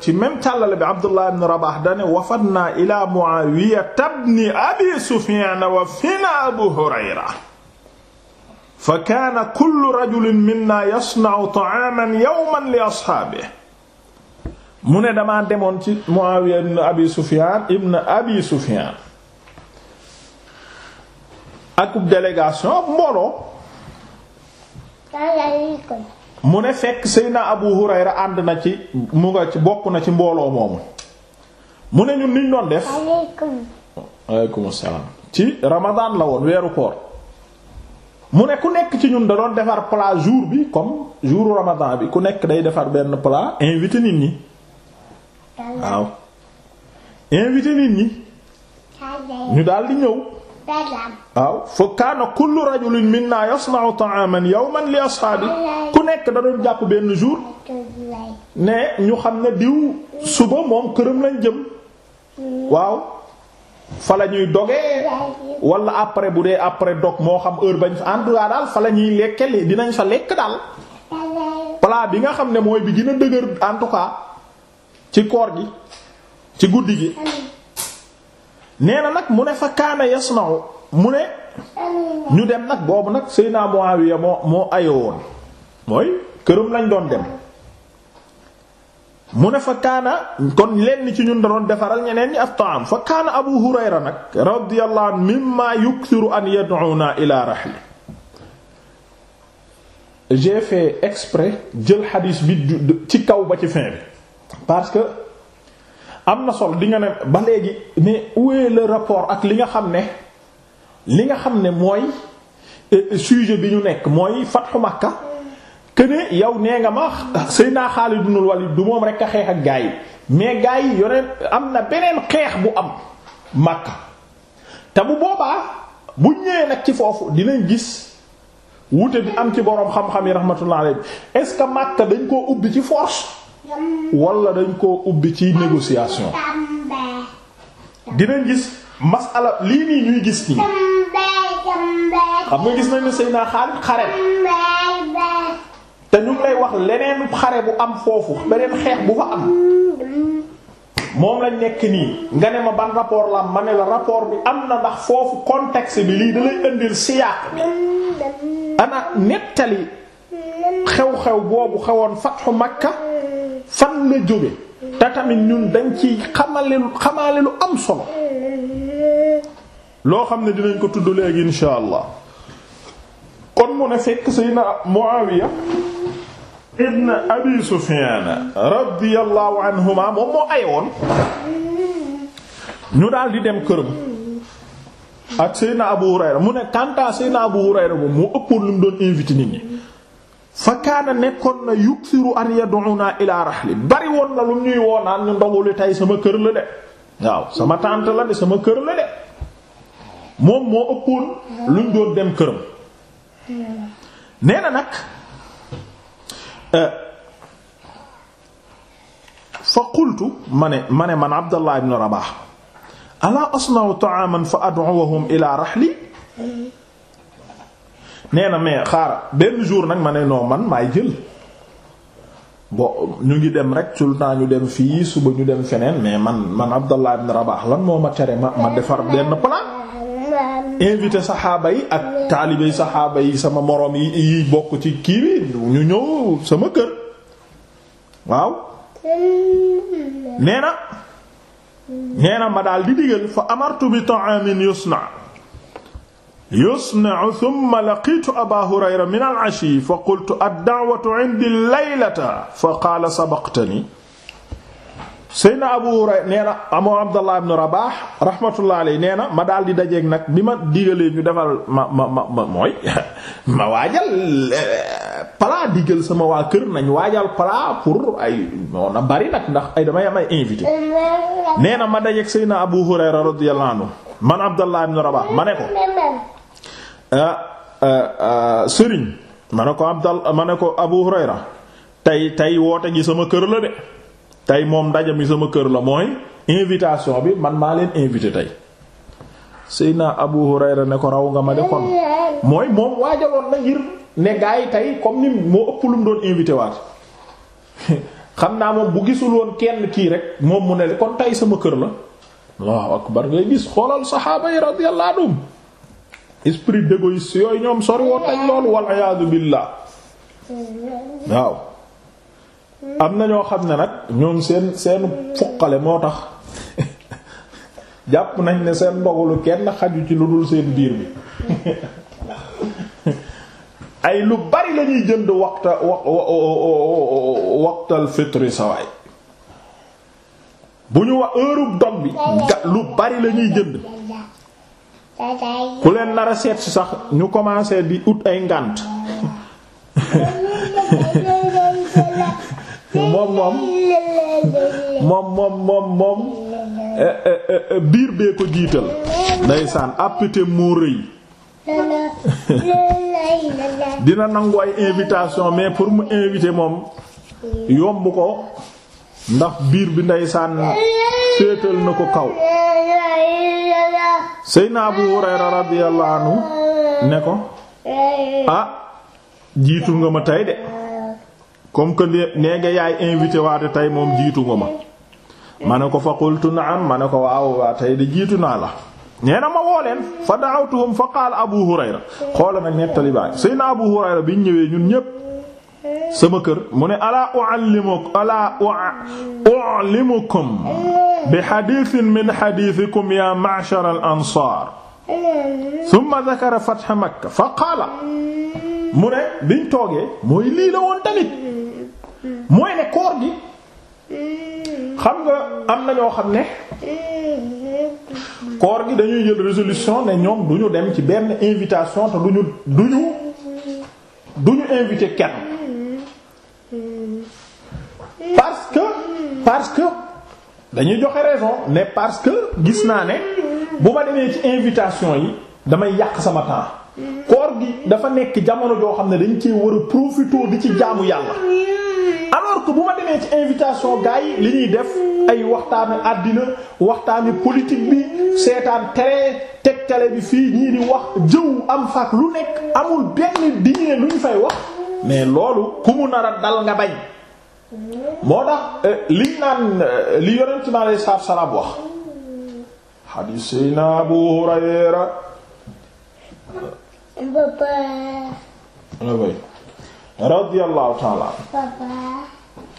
ci même càllale bi Abdullah ibn Rabah dane wafadna ila Muawiya ibn Abi Sufyan wa fina Abu Hurayra fa kaana kullu rajulin minna yasna'u ta'aaman yawman li ashaabihi mu ne damaa demoon ci Muawiya ibn Abi Sufyaan ibn Abi Sufyaan akub délégation mbooloo mu ne fekk Seydina Abu Hurayra ànd na ci mu nga ci na ci mbooloo moomu mu ne ñun niñ doon def waaleykum salaam ci Ramadan la woon weeru koor mu ne ku nekk ci ñun da doon defar plat jour bi comme jour ramadan bi ku nekk day defar benn plat invité nit ñi waaw invité nit ñi ñu daal di ñëw waaw fa kaana kullu rajulin minna yasna'u ta'aman yawman li ashaabi ku nekk da doon jàpp benn jour ne ñu xam ne diw suba moom këram lañ jëm waaw fa la ñuy dogee wala après bu dee après dog moo xam heure bañ fa en daal fa la ñuy lekke li dinañ fa lekk daal plat bi nga xam ne mooy bi gën a dëgër en tout cas ci koor gi ci guddi gi nee na nag mu ne fa kaana yasna'u mu ne ñu dem nag boobu nag Seydina Muawiya moo moo woon mooy këram lañ doon dem mu ne fa kaana kon lenn ci ñun da defaral ñeneen ñi at taam fa kaana abu hurayra nag radiyallahu anhu mimma yukthiru an yad'una ila rahli j'ai fait jël xadiis bi ci kaw ba ci fin bi parce que am na sol di nga ne ba léegi mais où est rapport ak li nga xam ne li nga xam ne mooy euh, sujet bi ñu nekk mooy fathu Makka këne yow nee nga ma naa Seydina Xaalid ibn Walid du moom rek a xeex ak gaa yi mais gaa yi yoneen am na beneen xeex bu am Makka te bu boobaa bu ñëwee nag ci foofu dinañ gis wute bi am ci boroom xam-xam yi rahmatullah alayhi est-ce que Makka dañ koo ubbi ci force wala dañ koo ubbi ci négociation dinañ gis masala lii nii ñuy gis nii xam nga gis nañ ne Seydina Xaalid xare te ñu ngi lay wax leneen xare bu am foofu beneen xeex bu fa am moom lañ nekk nii nga ne ma ban rapport la ma la rapport bi am na ndax foofu contexte bi lii da lay indil siyaaq bi ana nettali xew-xew boobu xewoon fatxu Makka fan la jóge te tamit ñun dañ ci xamale lu am solo loo xam ne dinañ ko tudd léegi insha allah kon mu ne fekk Seydina Muawiya ibn abi sufyan radiyallahu anhuma moom moo ayoon ñu daal di dem këram ak na abu hurayra mu ne kantaa seyna abu hurayra moom moo ëppoon lu mu doon invité nit ñi fa kaana nekkoon na yuksiru an yad'una ila rahli bari woon na lu ñuy woonaan ñu ndoguli tey sama kër la de waaw sama tànt la sama kër la de moom moo ëppoon lu doon dem këram nee na nag fa qultu ma ne ma ne man Abdallah ibn Rabah ala asna'u ta'aman fa ad'uhum ila rahli nee na mais xaar benn jour nag ma ne noo man maay jël bon ñu ngi dem rek tout le temps ñu dem fii suba ñu dem feneen mais man man Abdallah ibn Rabah lan moo ma tere ma ma defar benn plan invité saxaaba yi ak taalibey saxaaba yi sama moroom yi yi bokk ci kii bi ñu ñëw sama kër waaw nee na nee na ma daal di digal fa amartu bi ta'amin yusna yusna thumma laqitu aba hurayra min al-ashi fa qultu ad-da'watu 'indi laylata fa qaala sabaqtani Seyna Abu Hurayra nee na amoo ah, Abdallah ibn Rabah rahmatullah alayhi nee na ma daal di dajeeg nag bi ma digalee ñu defal ma ma ma mooy ma waajal eh, plat digal sama waa kër nañ waajal plat pour ay non na bari nag ndax ay damay am ay invité. nee na ma dajeeg Seyna Abu Hurayra radiyallahu anhu man Abdallah ibn Rabah ma ne ko ah, ah, Serigne ma ne ko Abdal ma ne ko Abu Hurayra tey tey woote gi sama kër la de. tey moom ndaje mi sama kër la mooy invitation bi man maa leen invité tey Seydina Abu Hurayra ne ko raw nga ma defoon mooy moom waajaloon na ngir ne gaa yi tey comme ni moo ëpp lu doon invité waat xam naa moom bu gisul woon kenn kii rek moom mu ne kon tey sama kër la Allahu akbar ngay gis xoolal saxaaba yi radiyallahu anhum esprit d'égoïste yooyu ñoom sori woon nañ loolu wal iyaadu billah waaw am na ñoo xam ne nag ñoom seen seen foqale moo tax jàpp nañ ne seen ndogulu kenn xaju ci lu dul seen biir bi ay lu bari lañuy jënd waxta waxtal fitri sawaay bu ñu wax heure dog bi lu bari lañuy jënd ku leen nara seet si sax ñu commencé di ut ay ngànt moom moom moom moom moom moom eh, eh, eh, biir bee ko jiital ndeysaan appétit moo rëy dina nangu ay invitation mais pour mu inviter moom yomb ko ndax biir bi ndeysaan féetal na ko kaw Seydina naa bu radiyallahu anhu ne ko ah jiitu nga ma tey de comme que nee yaay invité waate tey moom jiitu nga ma ma ne ko fa qultu na'am ma ne ko waaw waa tey de jiitu naa la nee na ma woo leen fa da'awtuhum fa qaala Abu Hurayra xoola nag nettali baay Seydina Abu Hurayra biñ ñëwee ñun ñépp sama kër mu ne alaa u'allimukum alaa bi hadithin min hadithikum ya ma'shar al-ansar thumma dhakara fath Makkah fa qaala mu ne biñ toogee mooy lii la woon tamit mooy ne koor gi xam nga am na ñoo xam ne koor gi dañuy jël résolution ne ñoom du ñu dem ci benn invitation te duñu duñu du ñu du ñu invité kenn parce que parce que dañuy joxe raison mais parce que gis naa ne bu ma demee ci invitation yi damay yàq sama temps koor gi dafa nekk jamono joo xam ne dañ cee war a bi ci jaamu yàlla alors que bu ma demee ci invitation gay yi li ñuy def ay waxtaanu àddina waxtaanu politique bi seetaan tere teg télé bi fii ñii di wax jëw am faak lu nekk amul benn diine lu ñu fay wax mais loolu ku mu nar dal nga bañ moo tax euh, liñ naan euh, li yonent mi alayhi salaatu salaam wax xadiis Seydina Abu Hurayra papa. ana bay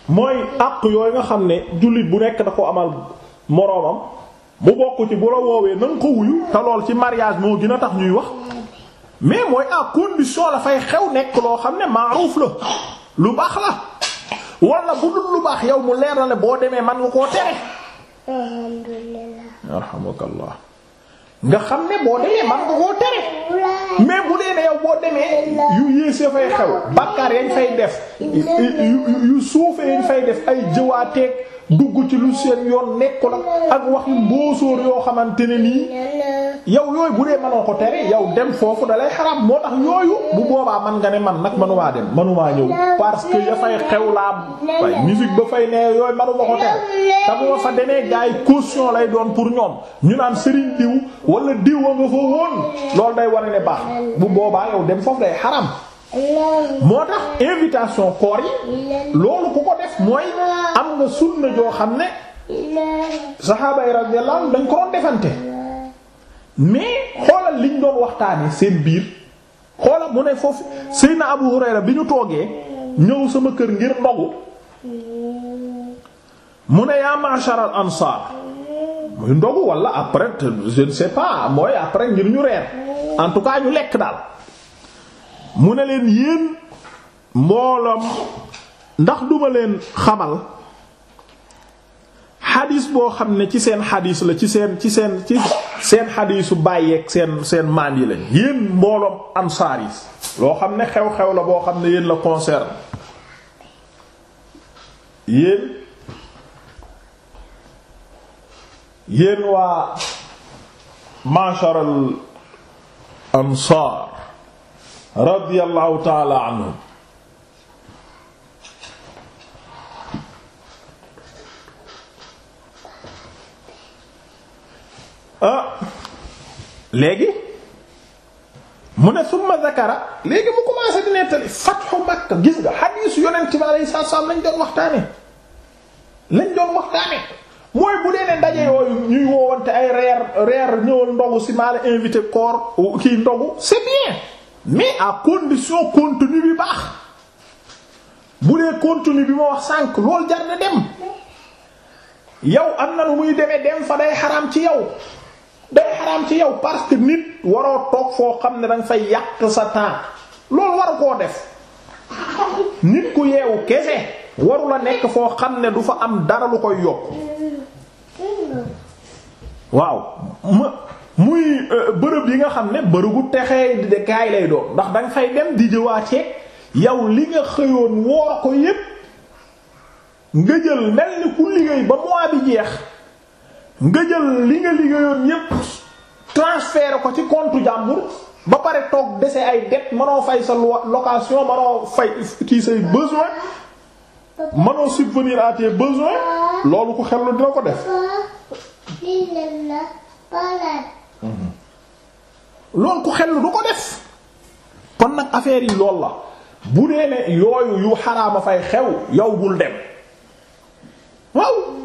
mooy àq yooyu nga xam ne jullit bu nekk da ko amal moroomam mu bokk bu la woowee na ko wuyu te lool ci mariage moo gën a tax ñuy wax mais mooy à condition la fay xew nekk loo xam ne maaruuf la lu baax la wala bu dul lu baax yow mu leer na ne boo demee man nga koo tere. alhamdulillah. nga xam ne boo demee man nga koo tere mais bu dee ne yow boo demee yu yéesee fay xew bàkkaar yañ fay def yu suufee yañ fay def ay jëwaateeg dugg ci lu seen yoon nekku la ak waxi mboosóor yoo xamante ne nii yow yooyu bu dee mënoo ko tere yow dem foofu dalay xaram moo tax yooyu bu boobaa man nga ne man nag manumaa dem manumaa ñëw parce que ya fay xew laa waaye musique ba fay ne yooyu manuma fa demee gars yi lay doon pour ñoom ñu naan sëriñ diw wala diw a nga fa loolu day war ne baax bu boobaa yow dem foofu day xaram moo tax invitation koor yi loolu ku ko def mooy na sunna joo xam ne saxaaba yi radiyallahu dañ ko doon defante mais xoolal liñ doon waxtaane seen biir xoolal mu ne foofu Seydina Abu Hurayra bi ñu toogee ñëw sama kër ngir ndogu mu ne yaa ma'shar al ansar muy ndogu wala après je ne sais pas mooy après ngir ñu reer en tout cas ñu lekk daal mu ne leen yéen mbooloom ndax duma leen xamal xadis boo xam ne ci seen xadis la ci seen ci seen ci seen xadisu bàyyeeg seen seen maam la lañ mbooloom ansaar yi loo xam ne xew-xew la boo xam ne yéen la concerne yéen yéen waa masharal ansaar radiyallahu taala anhum ah léegi mu ne summa zakara léegi mu commencé di nettali fatxu Makka gis nga xadiis yonent bi alayhi salaam lañ doon waxtaane lañ doon waxtaane mooy bu dee ne ndaje yooyu ñuy woowante ay reer reer ñëwal ndogu si maa la invité koor kii ndogu c'est bien mais à condition contenu bi baax bu dee contenu bi ma wax sànq loolu jar na dem yow am na lu muy demee dem fa day xaraam ci yow day xaraam ci yow parce que nit waroo toog foo xam ne danga fay yàq sa temps loolu waru koo def nit ku yeewu kese waru nekk foo xam ne du fa am dara lu koy yokk waaw muy euh, bërëb yi nga xam ne bërëbu texee de kaay lay doon ndax danga fay dem di jëwaatee yow li nga xëyoon woo ko yépp nga jël mel ni ku liggéey ba mois bi jeex nga jël li nga liggéeyoon yépp transféré ko ci compte jàmbur ba pare toog dese ay dette mënoo fay sa location mënoo fay kii say besoin mënoo subvenir à tes loolu ko xel dina ko def. loolu ku xel du ko def kon nag affaire yi lool la bu dee ne yooyu yu xaraama fay xew yow bul dem waaw.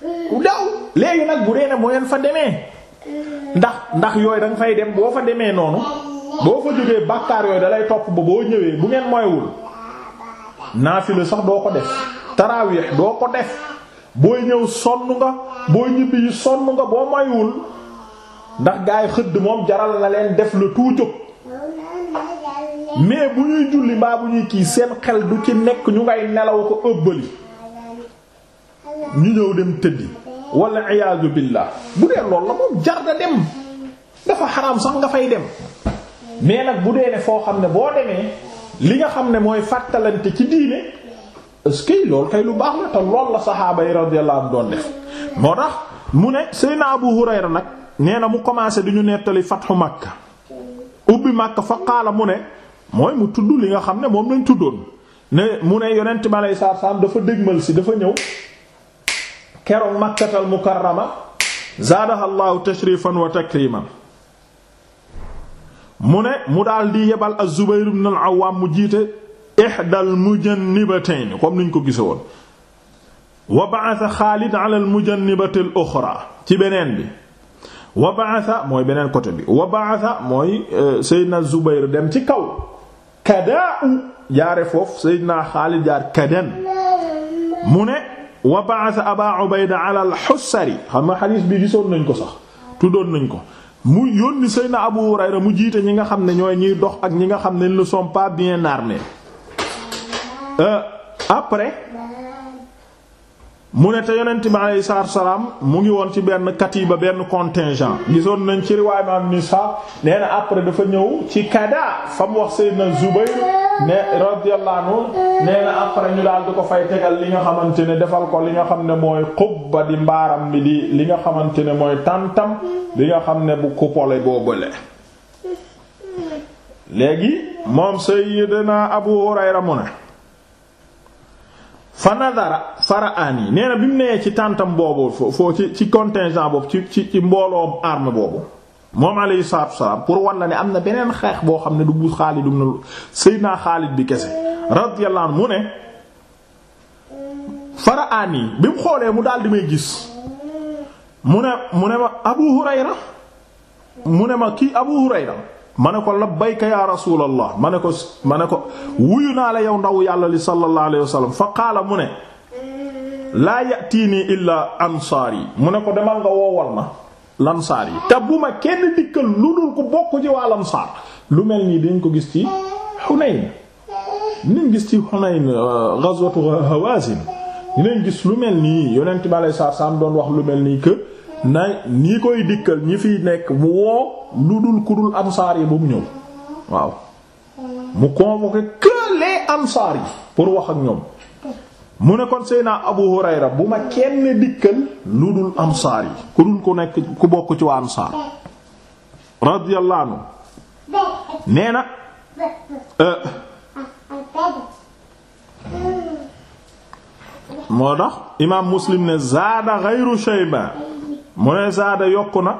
ku daw léegi nag bu dee ne bu ngeen fa demee ndax ndax yooyu danga fay dem boo fa demee noonu boo fa jógee bàkkaar yooyu dalay topp ba boo ñëwee bu ngeen moywul naafila sax doo ko def taraawiix doo ko def booy ñëw sonn nga booy ñibbi yi sonn nga boo moywul ndax gaa xëdd moom jaral na leen def le tout jóg mais bu ñuy julli mbaa bu ñuy kii seen xel du ci nekk ñu ngay nelaw ko ëbbali ñu ñëw dem tëddi walla iyaazu billah bu dee loolu la moom jar da dem dafa xaram sax nga fay dem mais nag bu dee ne foo xam ne boo demee li nga xam ne mooy fàttalante ci diine est-ce que loolu kay lu baax la te lool la saxaaba yi radiyallahu doon def moo tax mu ne Seydina Abu Hurayra nag nee na mu commencé du ñu nettali fatxu Makka ubbi Makka fa qaala mu ne mooy mu tudd li nga xam ne moom lañ tuddoon ne mu ne yonent bi alayhi salaam dafa dégmal si dafa ñëw keroog makkatal mukarrama zaadaha allahu tashrifan wa takriman mu ne mu daal di yebal az-Zubayr ibn al-Awwam mu jiite ihdal mujannibatayn comme niñ ko gise woon wa ba'atha Xaalid ala al-mujannibati al-uxra ci beneen bi wa ba'atha mooy beneen côté bi wa ba'atha mooy euh, Seydina Zubayr dem ci kaw kadaa u jaare foofu Seydina Xaalid jaar kaden mu ne wa ba'atha aba ubayda ala al xam nga xadiis bi gisoon nañ ko sax tuddoon nañ ko mu yónni na abu hurayra mu jiite ñi nga xam ne ñooy ñuy dox ak ñi nga xam ne ne sont pas bien armés euh, après mu ne te yonent bi alayhi salaam mu ngi woon ci benn ba benn contingent gisoon nañ ci riwaay imaam Nisaa nee na après dafa ñëw ci kada fa mu wax Seydina Zubayr ne radiyallahu anhu nee na après ñu daal di ko fay tegal li nga xamante ne defal ko li nga xam ne mooy xubba di mbaaram bi di li nga xamante ne mooy tàntam li nga xam ne bu kupole boobule léegi moom Seydina Abu Hurayra mu ne fa nadara faraani nee bi mu nee ci tàntam boobu foo foo ci ci contingent boobu ci ci ci mbooloom arme boobu moom alayhi salaatu wasalaam pour wan la ne am na beneen xeex boo xam ne du bu Xaalid dum na Seydina Xaalid bi kese radiyallahu mu ne faraani bi mu xoolee mu daal di may gis mu ne mu ne ma Abu Hurayra mu ne ma kii Abu Hurayra ma ne ko labbayka ya rasulallah ma ne ko ma ne ko wuyu naa la yow ndaw yàlla li sallallahu alayhi wa sallam fa qaala mu ne laa yatiini illaa ansaar yi mu ne ko demal nga woowal ma lansaar yi te bu ma kenn dikkal lu dul ku bokk ci waa lansaar lu mel nii dañ ko gis ci Hunayn dinañ gis ci Hunayn euh, ghazwatu Hawazin dinañ gis lu mel nii yonent bi alayhi salaam doon wax lu mel nii que na ñi koy dikkal ñi fi nekk mu woo lu dul ku dul ansaar yi ba mu ñëw waaw mu convoqué que les ansaar yi pour wax ak ñoom mu ne kon Seyna Abu Hurayra bu ma kenn dikkal lu dul ansaar yi ku dul ku nekk ku bokk ci waa ansaar radiyallahu anhu nee na eh, moo tax imaam Muslim ne zaada ghayru Shayba mu ne zaada yokk na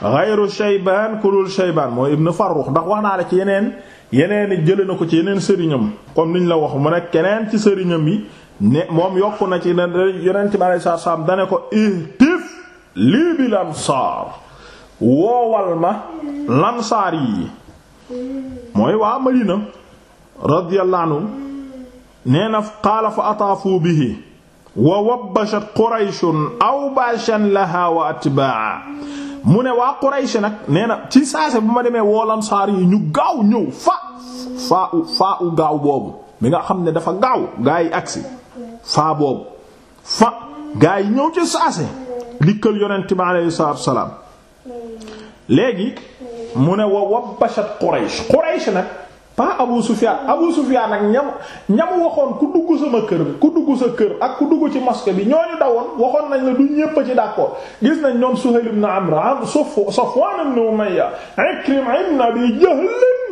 xayru shaybaan kulul shaybaan mooy ibn farrux ndax wax naa la ci yeneen yeneen jële na ko ci yeneen sëriñam kon niñ la wax mu ne keneen ci sëriñam yi ne moom yokk na ci yonent bi alei satu salaam dane ko ihtif lii bi lansaar woowal ma lansaar yi mooy waa madina radiyallahu anhu nee na qaala fa ataafu bihi wa wabbashat qurayshun aw bashan laha wa mu ne waa quraysh nag nee na ci saase bu ma demee wool ansaar yi ñu gaaw ñëw fa faa u faa u gaaw boobu mi nga xam ne dafa gaaw gaa yi agsi faa boobu fa gaa yi ñëw ci saase dikkal yonent bi aleyhi salaatu wasalaam léegi mu ne wa wabbashat quraysh quraysh nag pas Abu Sufyan Abu Sufyan nag ñam ñam waxoon ku dugg sama kër ku dugg sa kër ak ku dugg ci mosquée bi ñooñu dawoon waxoon nañ la du ñépp ci d'accord gis nañ ñoom Suhayl ibn Amr am ah, Safwan ibn Umayya Ikrima ibn Abi Jahl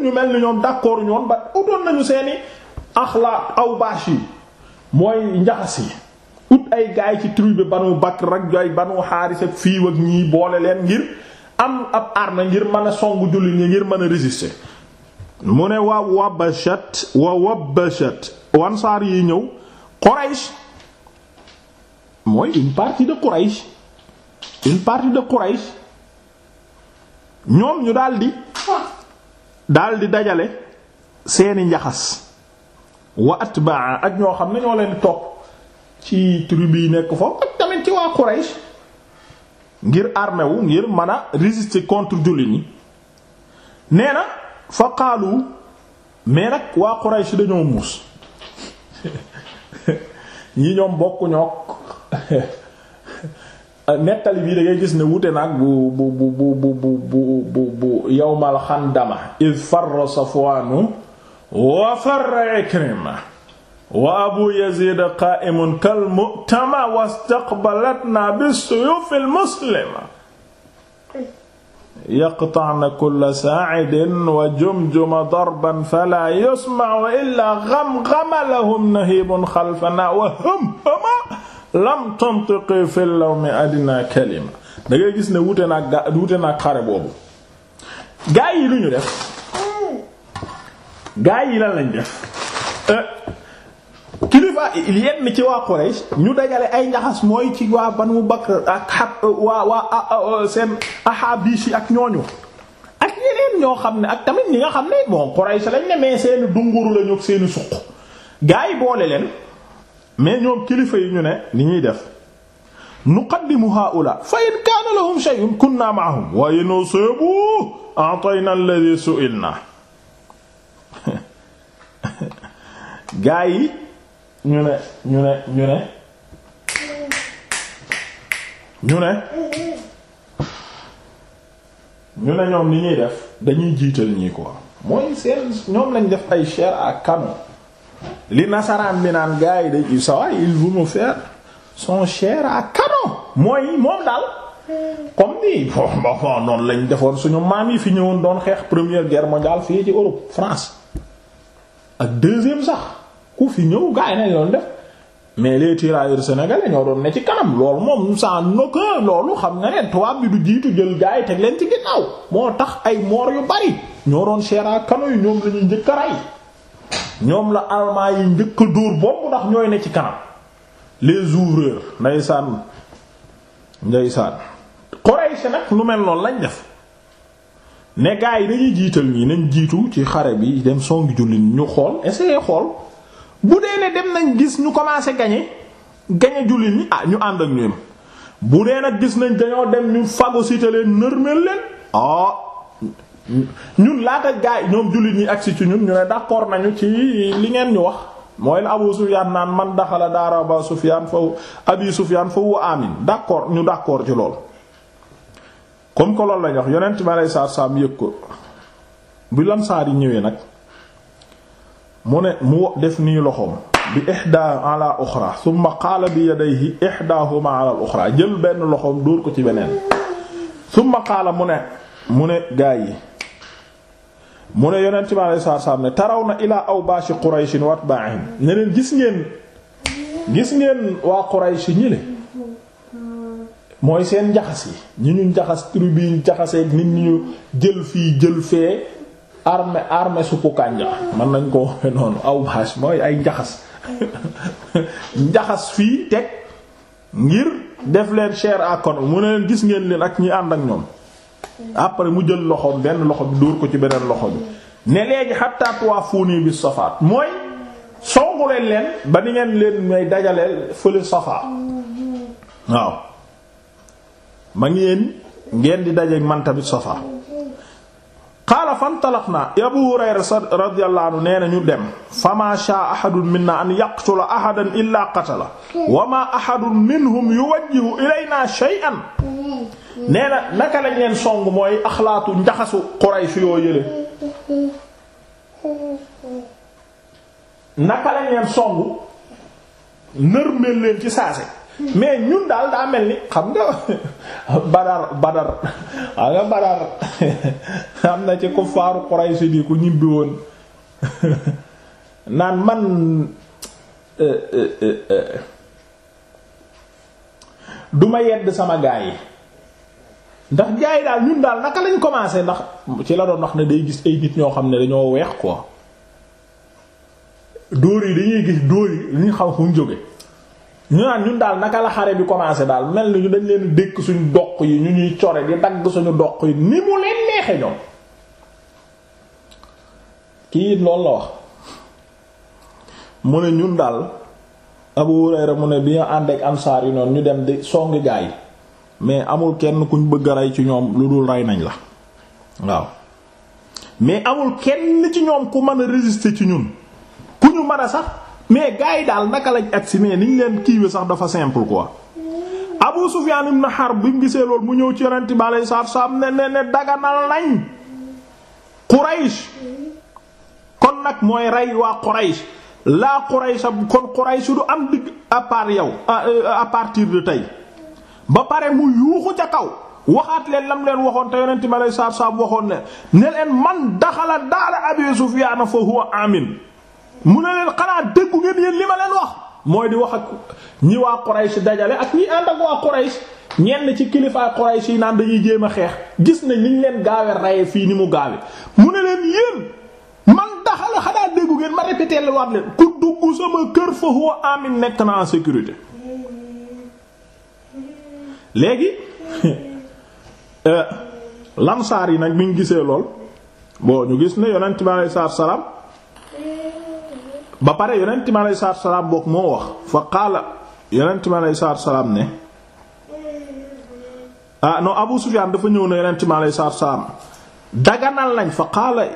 ñu mel ni ñoom d'accord ñoom ba utoon nañu seeni axlaaq aw bâche mooy njaxas yi ut ay gaay ci tribu ba Banu Bakr rak jooy Banu Haaris ak fiiw ak ñii boole leen ngir am ab arme ngir mën a song julli ñi ngir mën a résister mu ne wa wabashat wa wabashat wansaar yi ñëw Quraysh mooy une partie de Quraysh une partie de Quraysh ñoom ñu daldi daldi dajale seeni njaxas wa atbaa ak ñoo xam ne ñoo leen topp ci tribu yi nekk foofu ak tamit ci waa Quraysh ngir armée wu ngir mën a résister contre jullit ñi nee na fa qaalu mais nag waa Quraysh dañoo muus ñi ñoom bokkuñoo nettali bii da gis ne wute nag bu bu bu bu bu bu bu bu yawmal xandama id farra Safwaanu wa farra Ikrima wa Abu Yazid qaa'imun kal mu'tama wastaqbalatna bisuyufil muslima yaqta'na kulla saa'idin wa jumjuma darban fala yusma'u illa ghamghama lahum nahibun khalfana wa hamhama lam tantiqi fil lawmi adna kalima da ngay gis ne wuute naag ga wuute naag xare boobu gaa yi lu ñu def gaa yi lan lañ def eh, waa yenn ci waa Quraysh ñu dajale ay njaxas mooy ci waa Banu Bakr ak xa waa waa seen Ahabishi ak ñooñu ak yeneen ñoo xam ne ak tamit ñi nga xam ne bon Quraysh lañ ne mais seeni dunguru la ñu seeni suq gaa yi boole leen mais ñoom kilifa yi ñu ne ni ñuy def nuqaddimu haula fa in kaana lahum shay'un kunna ma'ahum wa in usibu a'tayna alladhi su'ilna gaa yi ñu ne ñu ne ñu ne ñu ne ñu ne ñoom ni ñuy def dañuy jiital ñi quoi mooy seen ñoom lañ def ay cher ak canon li nasaraan bi naan gars yi dañuy il veut me faire son chair ak canon mooy moom daal comme ni bon noonu lañ defoon suñu maam yi fi ñëwoon doon xeex première guerre mondiale fii ci Europe France ak deuxième sax. ku fi ñëw gars yi nañ doon def mais les tirailleurs sénégalais ñoo doon ne ci kanam loolu moom sans aucun loolu xam nga ne tubaab bi du jiitu jël gars yi teg leen ci ginnaaw moo tax ay moor yu bari ñoo doon seera kano ñoom la ñuy njëkk ñoom la allemand yi njëkk a dóor boobu ndax ñooy ne ci kanam les ouvreurs ndeysaan ndeysaan Quraysh nag lu mel noonu lañ def ne gars yi dañuy jiital ñi nañ jiitu ci xare bi dem songi jullit ñu xool essayer xool bu dee ne dem nañ gis ñu commencé gagné gagné jullit ñi ah ñu ànd ak ñoom bu dee nag gis nañ dañoo dem ñu phagocyté leen nërmeel leen ah ñun laata gaa ñoom jullit ñi agsi ci ñun ñu ne d'accord nañu ci li ngeen ñu wax mooy la Abu Sufyaan naan man daxala daara Abu Sufyaan fa Abi Sufyaan fa huwa amin d'accord ñu d'accord ci lool comme que loolu lañ wax yonent bi alayhi salaam yëg ko bu lamsaar yi ñëwee nag. mu ne mu def nii loxoom bi ihda ala uxra jël benn loxoom dóor ko ci beneen thumma qaala mu ne mu ne gaa yi mu ne yonent bi alayhi salaatu salaam ne taraw na ilaa awbaashi qurayshin wa atbaa'ihim ne leen gis ngeen gis ngeen waa quraysh ñi le mooy seen njaxas yi ñi ñu njaxas tribu yi njaxaseek nit ñu jël fii jël fee arme arme suppu kànja mën nañ koo waxe aw baas mooy ay njaxas njaxas fii teg ngir def leen chair à corps mu ne leen gis ngeen leen ak ñi ànd ak ñoom après mu jël loxoom benn loxo bi dóor ko ci beneen loxo bi ne léegi hatta tuwaafuni bi safaat mooy songu leen leen ba ni ngeen leen may dajaleel fële safa waaw ma ngeen ngeen di dajeek man tamit qaala fantalaq naa abu hurayra radiyallahu anhu nee na dem fa ma shaa ahadun minna an yaqtula ahadan illa qatala wa ma ahadun minhum yuwajjihu ilayna shay'an nee na naka lañ leen song mooy axlaatu njaxasu yoo yële naka lañ leen song nërmeel ci saase mais ñun daal daa mel ni xam nga badar badar am na ci kuffaaru Quraysh bi ku ñibbi woon naan man euh, euh, euh, duma yedd sama gaa yi ndax gaa daal ñun daal naka lañ commencé ndax ci la doon wax ne day gis ay nit ñoo xam ne dañoo weex quoi dóor yi dañuy gis dóor yi dañuy xam fu ñu jóge ñu naan ñun daal naka la xare bi commencé daal mel ni ñu dañ leen dékk suñu doq yi ñu ñuy core di dagg suñu doq yi ni mu leen neexe ñoom kii it loolu la wax mu ne ñun daal Abu Hurayra mu ne bi ñu ànd ak ansaar yi noonu ñu dem di songi gaa yi mais amul kenn kuñ bëgg a rey ci ñoom lu dul rey nañ la waaw mais amul kenn ci ñoom ku mën a résister ci ñun ku ñu mën a sax mais gars yi daal naka lañ agsi mais niñ leen kiiwe sax dafa simple quoi Abu Sufyan ibn Harb bi gisee loolu mu ñëw ci yonent bi aleyhi salaatu salaam ne ne ne daganal nañ Quraysh kon nag mooy rey waa Quraysh laa Quraysh kon Quraysh du am digg à part yow euh, de tey ba pare mu yuuxu ca kaw waxaat leen lam leen waxoon te yonent bi aleyhi salaatu salaam waxoon ne ne leen man daxala daala Abi Sufyan fa huwa amin mu ne leen xanaa déggu ngeen yéen li ma leen wax mooy di wax ak ñi waa Quraysh dajale ak ñi ànd ak waa Quraysh ñenn ci kilifaay Quraysh yi naan dañuy jéem a xeex gis nañ niñ leen gaawe raye fii ni mu gaawe mu ne leen yéen man daxala xanaa déggu ngeen ma répété la waat leen ku dugg sama kër fa huwa amin nekk na en sécurité léegi lamsaar euh, yi nag bi ñu gisee lool bon ñu gis ne yonent bi alayhi salaam ba pare yonent mi aleyhi salaatu salaam boog moo wax fa qaala yonent mi aleyhi salaatu salaam ne ah Abu Sufyaan dafa ñëw ne yonent mi aleyhi salaatu salaam daganal nañ fa qaala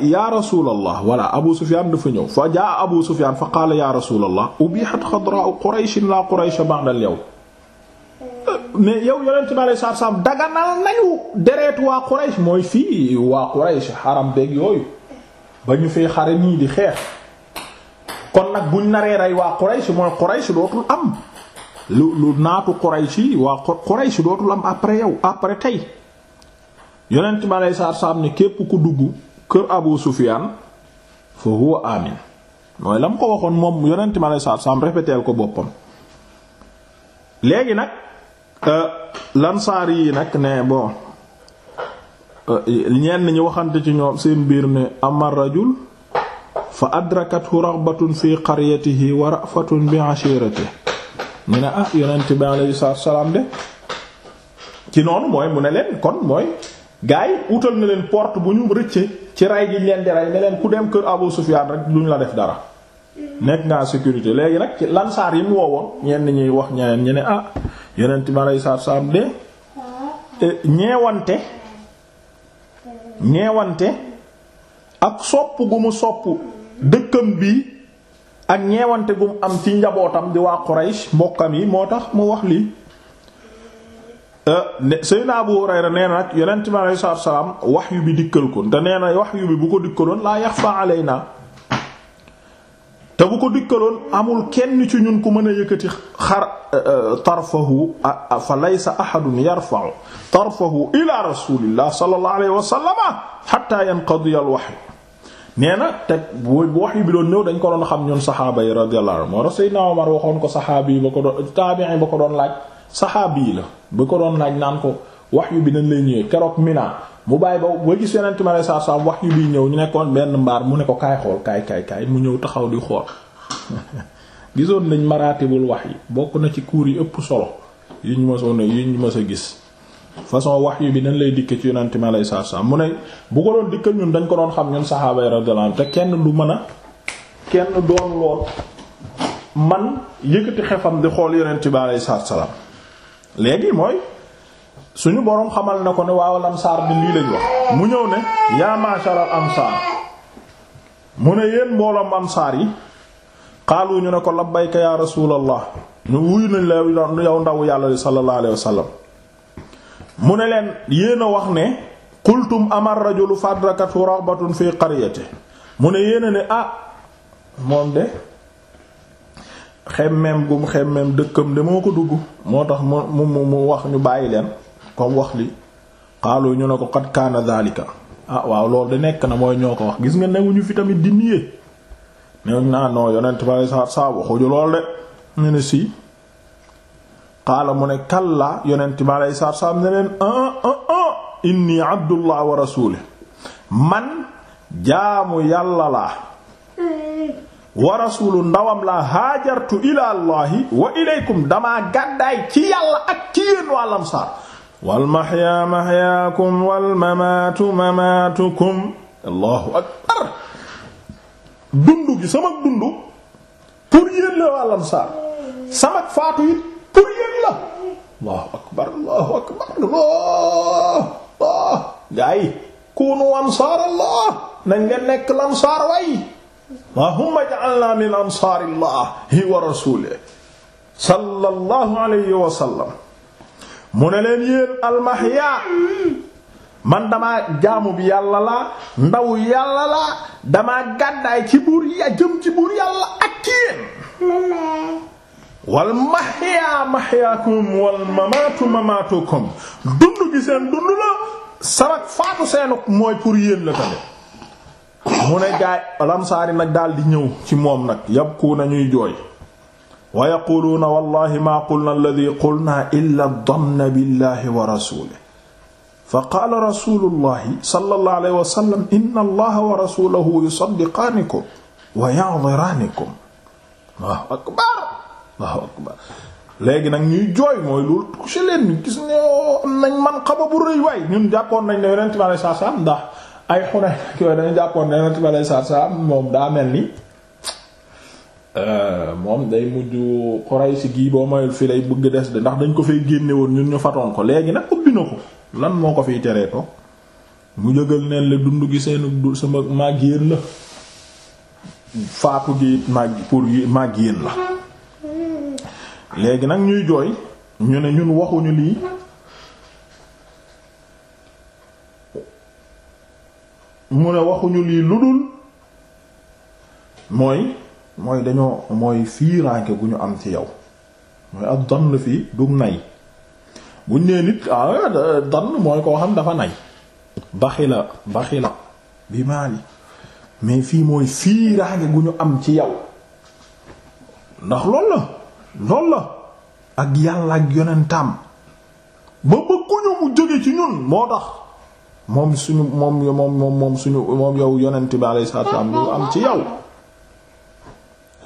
Abu Sufyaan dafa ñëw fa jaa Abu Sufyaan fa qaala yaa rasuulallah ubiihat xadraa'u Qurayshin laa mais yow yonent mi aleyhi salaatu salaam daganal nañu dereetu waa Quraysh mooy fii waa Quraysh xaram beeg yooyu ba ñu fee xare nii di xeex. kon nag buñ naree rey waa Quraysh mooy Quraysh dootul am lu lu naatu Quraysh yi waa Quraysh dootul am après yow après tey yonent mi aleyhi salaatu salaam ne képp ku dugg kër Abu Sufyaan fa huwa amin mooy la mu ko waxoon moom yonent mi aleyhi salaatu salaam répéteel ko boppam léegi nag euh, lansaar yi nag ne bon euh, ñenn ñi waxante ci ñoom seen biir ne amar rajul fa adrakathu raghbatun fi qaryatihi wa ra'fatun bi ashiratihi ñu ne ah yonent bi alayhi salaam de ci noonu mooy mu ne leen kon mooy gaa yi utal na leen porte bu ñu rëcce ci ray gi leen ray ne leen ku dem kër Abu Sufyan rek ñu la def dara nekk ngaa sécurité léegi nag ci lansaar yi mu woowoon ñenn ñuy wax ñeneen ñu ne ah yonent bi alayhi salaam de eh, ñeewante ñeewante ak sopp gu mu sopp dëkkam bi ak ñeewante gum am ci njabootam di waa Quraysh mbokkam yi moo tax mu wax li euh, Seydina Abu Hurayra nee na nag yonent bi alayhi salaatu salaam wahyu bi dikkal ko te nee na wahyu bi bu ko dikkaloon laa yaxfaa na te bu ko dikkaloon amul kenn ci ñun ku mën a yëkkati xar euh, euh, tarfahu fa laysa ahadun yarfa'u tarfahu ila rasulillah sallallahu alayhi wa sallama hatta nee na teg boo wax yu bi doon ñëw dañ ko doon xam ñun saxaaba yi radiyallahu anhu moo tax Seydina Omar waxoon ko saxaabi yi ba ko doon taabi'i ba ko doon laaj saxaabi yi la ba ko doon laaj naan ko wax yu bi nañ lay ñëwee keroog Mina mu bàyyi ba ba gis yonent ma saa saa wax yu bi ñëw ñu nekkoon benn mbaar mu ne ko kaay xool kaay kaay kaay mu ñëw taxaw di xool gisoon nañ maraatibul wax yi bokk na ci kuur yi ëpp solo ñu ma soo yi ñu ma sa gis façon wax wahyu bi nan lay dikke ci yonent mi alayhi salaatu salaam mu ne bu ko doon dikkal ñun dañ ko doon xam ñun saxaaba yi radiyallahu anhu te kenn du mën a kenn doon lool man yëkkati xefam di xool yonent bi alayhi salaatu salaam léegi mooy suñu boroom xamal na ko ne waaw saar bi lii lañu wax mu ñëw ne yaa am ansaar mu ne yéen mbooloom am saar yi xaalu ñu ne ko labbayka yaa rasuulallah ñu wuyu nañ la yow ndaw yàlla sallallahu alayhi wasallam mu ne leen yéen a wax ne qultum amar rajulu fadrakathu raghbatun fi qaryati mu ne yéen a ne ah moom de xemmeem gum xemmeem dëkkam de moo ko dugg moo tax mu mu mu wax ñu bàyyi leen comme wax li xaalu ñu ne ko qad kaana dhalika ah waaw lool de nekk na mooy ñoo ko wax gis nga ñu fi tamit di nié newuñ naa non yonent ba sa sa waxuñu lool de ñu ne si qaala mu ne kallaa yonent bi aleyhi salaatu salaam ne leen ah, ah, ah, inni abdullah wa rasuuli man jaamu yàlla laa wa rasuulu ndawam laa haajartu ila allahi wa ilaykum damaa gàddaay ci yàlla ak ci yéen waa lamsaar wal mahyaa mahyaakum wal mamaatu mamaatukum allahu akbar dund gi sama dund pour yéen la waa lamsaar sama faatu it pour yéen la allahu akbar allahu akbar allah gaa yi kunu ansaar allah nañ nga nekk lansaar way allahumma ja'alna min ansaar allahi wa rasuulihi sallallahu alayhi wa sallam mu ne leen yéen almahya man dama jaamu bi yàlla la ndaw yàlla la damaa gàddaay ci buur ya jëm ci buur yàlla ak ci wal mahyaa mahyaakum wal mamaatu mamaatukum dund gi seen dund la sarak faatu seenuk mooy pour yéen la tamit mu ne gaay lamsaari nag daal di ñëw ci moom nag yabkuuna ñuy jooy wa yaquluuna wallahi maa qulna alladhi qulna illa danna billahi wa rasulihi fa qaala rasulullahi sallallahu alayhi wa sallam inna allaha wa rasulahu yusaddiqaanikum wa ya'dhiraanikum Allahu akbar waaw akbar léegi nag ñuy jooy mooy loolu touché leen gis ne am nañ man xama bu rëy waay ñun jàppoon nañ ne yonent bi ndax ay xunay nag yooyu dañu jàppoon ne yonent bi moom daa mel ni euh, moom day mujj Quraysh gii boo mayul fi lay bëgg des de ndax dañ ko fay génnewoon ñun ñu fatoon ko léegi nag ubbi na ko lan moo ko fi teree toog mu jógal neen la dund gi seenu seen sama màgg yéen la faatu gi màgg pour gi màgg yéen la léegi nag ñuy jooy ñu ne ñun waxuñu lii mu ne waxuñu lii lu dul mooy mooy dañoo mooy fii gu ñu am ci yow mooy ab ak la fii du nay buñ nee nit ah dann mooy koo xam dafa nay baxi la baxi la bi maali mais fii mooy fii ranke gu ñu am ci yow ndax lool la loolu la ak yàlla ak yonentam ba bëgguñu mu jóge ci ñun moo tax moom suñu moom moom moom suñu moom yow yonent bi alayhi salaatu salaam lu am ci yow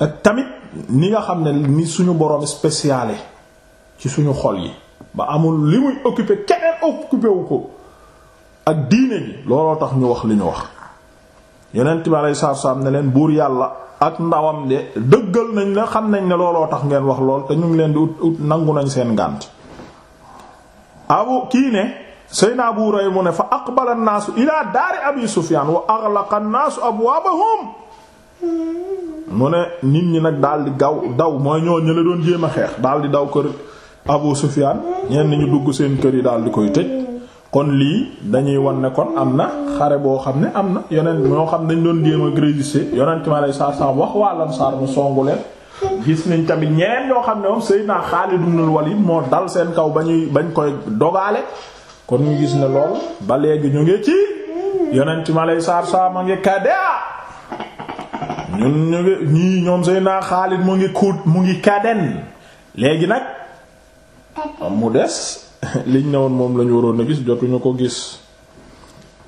ak tamit ni nga xam ne ni suñu boroom spéciale ci suñu xol yi ba amul li muy occuper keneen occupé ko ak diine ji looloo tax ñu wax li ñu wax yonent bi alayhi salaatu salaam ne leen buur yàlla ak ndawam de dëggal nañ la xam nañ ne looloo tax ngeen wax lool te ñu ngi leen di ut ut nangu nañ seen ngànt abu kii ne sayna Abu Hurayra mu ne fa aqbala an-naasu ila daari abi Sufyaan wa aghlaqa an-naasu abwaabahum mu ne nit ñi nag daal di gaw daw mooy ñoo ñële doon jéem a xeex daal di daw kër Abu Sufyaan ñenn ñu dugg seen kër yi daal di koy tëj kon lii dañuy wan ne kon am na xare boo xam ne am na yonent ñoo xam ne dañ doon jéem ak résister yonent ma lay saar saar wax waa saar mu songu leen gis nañ tamit ñeneen ñoo xam ne moom Seydina Xaalid ibn Walid moo dal seen kaw ba ñuy bañ koy dogaale kon ñu gis ne lool ba léegi ñu ngi ci yonent ma lay saar ngi kadaa ñun ñoom Seydina Xaalid mu ngi kuut mu ngi kaden léegi nag mu des liñ ne woon moom lañu waroon a gis jotuñu ko gis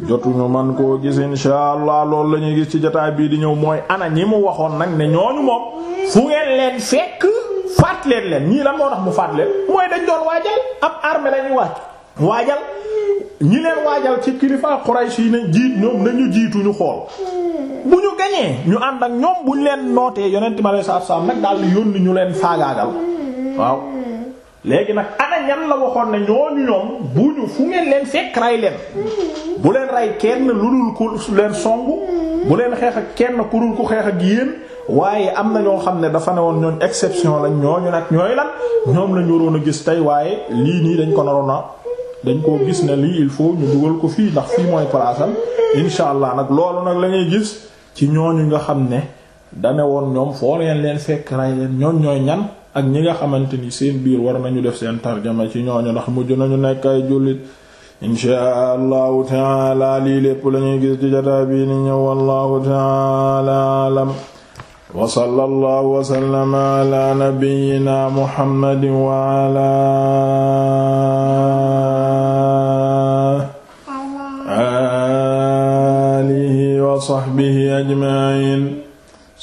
jotuñu man koo gis insha allah loolu la gis ci jotaay bii di ñëw mooy ana ñi mu waxoon nag ne ñooñu moom fu ngeen leen fekk faat leen leen ñii lan moo tax mu faat leen mooy dañ doon waajal ab armée la waaj waajal ñi leen waajal ci kilifa Quraysh yi ne jiit ñoom nañu jiitu ñu xool bu ñu gañee ñu ànd ak ñoom bu ñu leen nootee yonent ma lay saab saab nag daal yónni ñu leen faagaagal waaw. léegi nag ana ñan la waxoon ne ñooñu ñoom bu ñu fu ngeen leen fekk rey leen bu leen rey kenn lu dul ku leen songu bu leen xeex ak kenn ku dul ku xeex ak yéen waaye am na ñoo xam ne dafa ne woon ñooñ exception lañ ñooñu nag ñooy lan ñoom lañ waroon a gis tey waaye lii nii dañ ko naroon a dañ koo gis ne lii il faut ñu dugal ko fii ndax fii mooy palaasam insha allah nag loolu nag lañuy gis ci ñooñu nga xam ne dane woon ñoom foo leen leen fekk rey leen ñoom ñooy ñan ak ñi nga xamante ni seen biir war nañu def seen tarjama ci ñooñu ndax mujj nañu nekk ay jullit inchaa allahu taala lii lépp lañuy gis ci jataa bii ñëw wallahu taala alam wa sallallahu wa sallama ala nabiyyina muhammadin wa ala alihi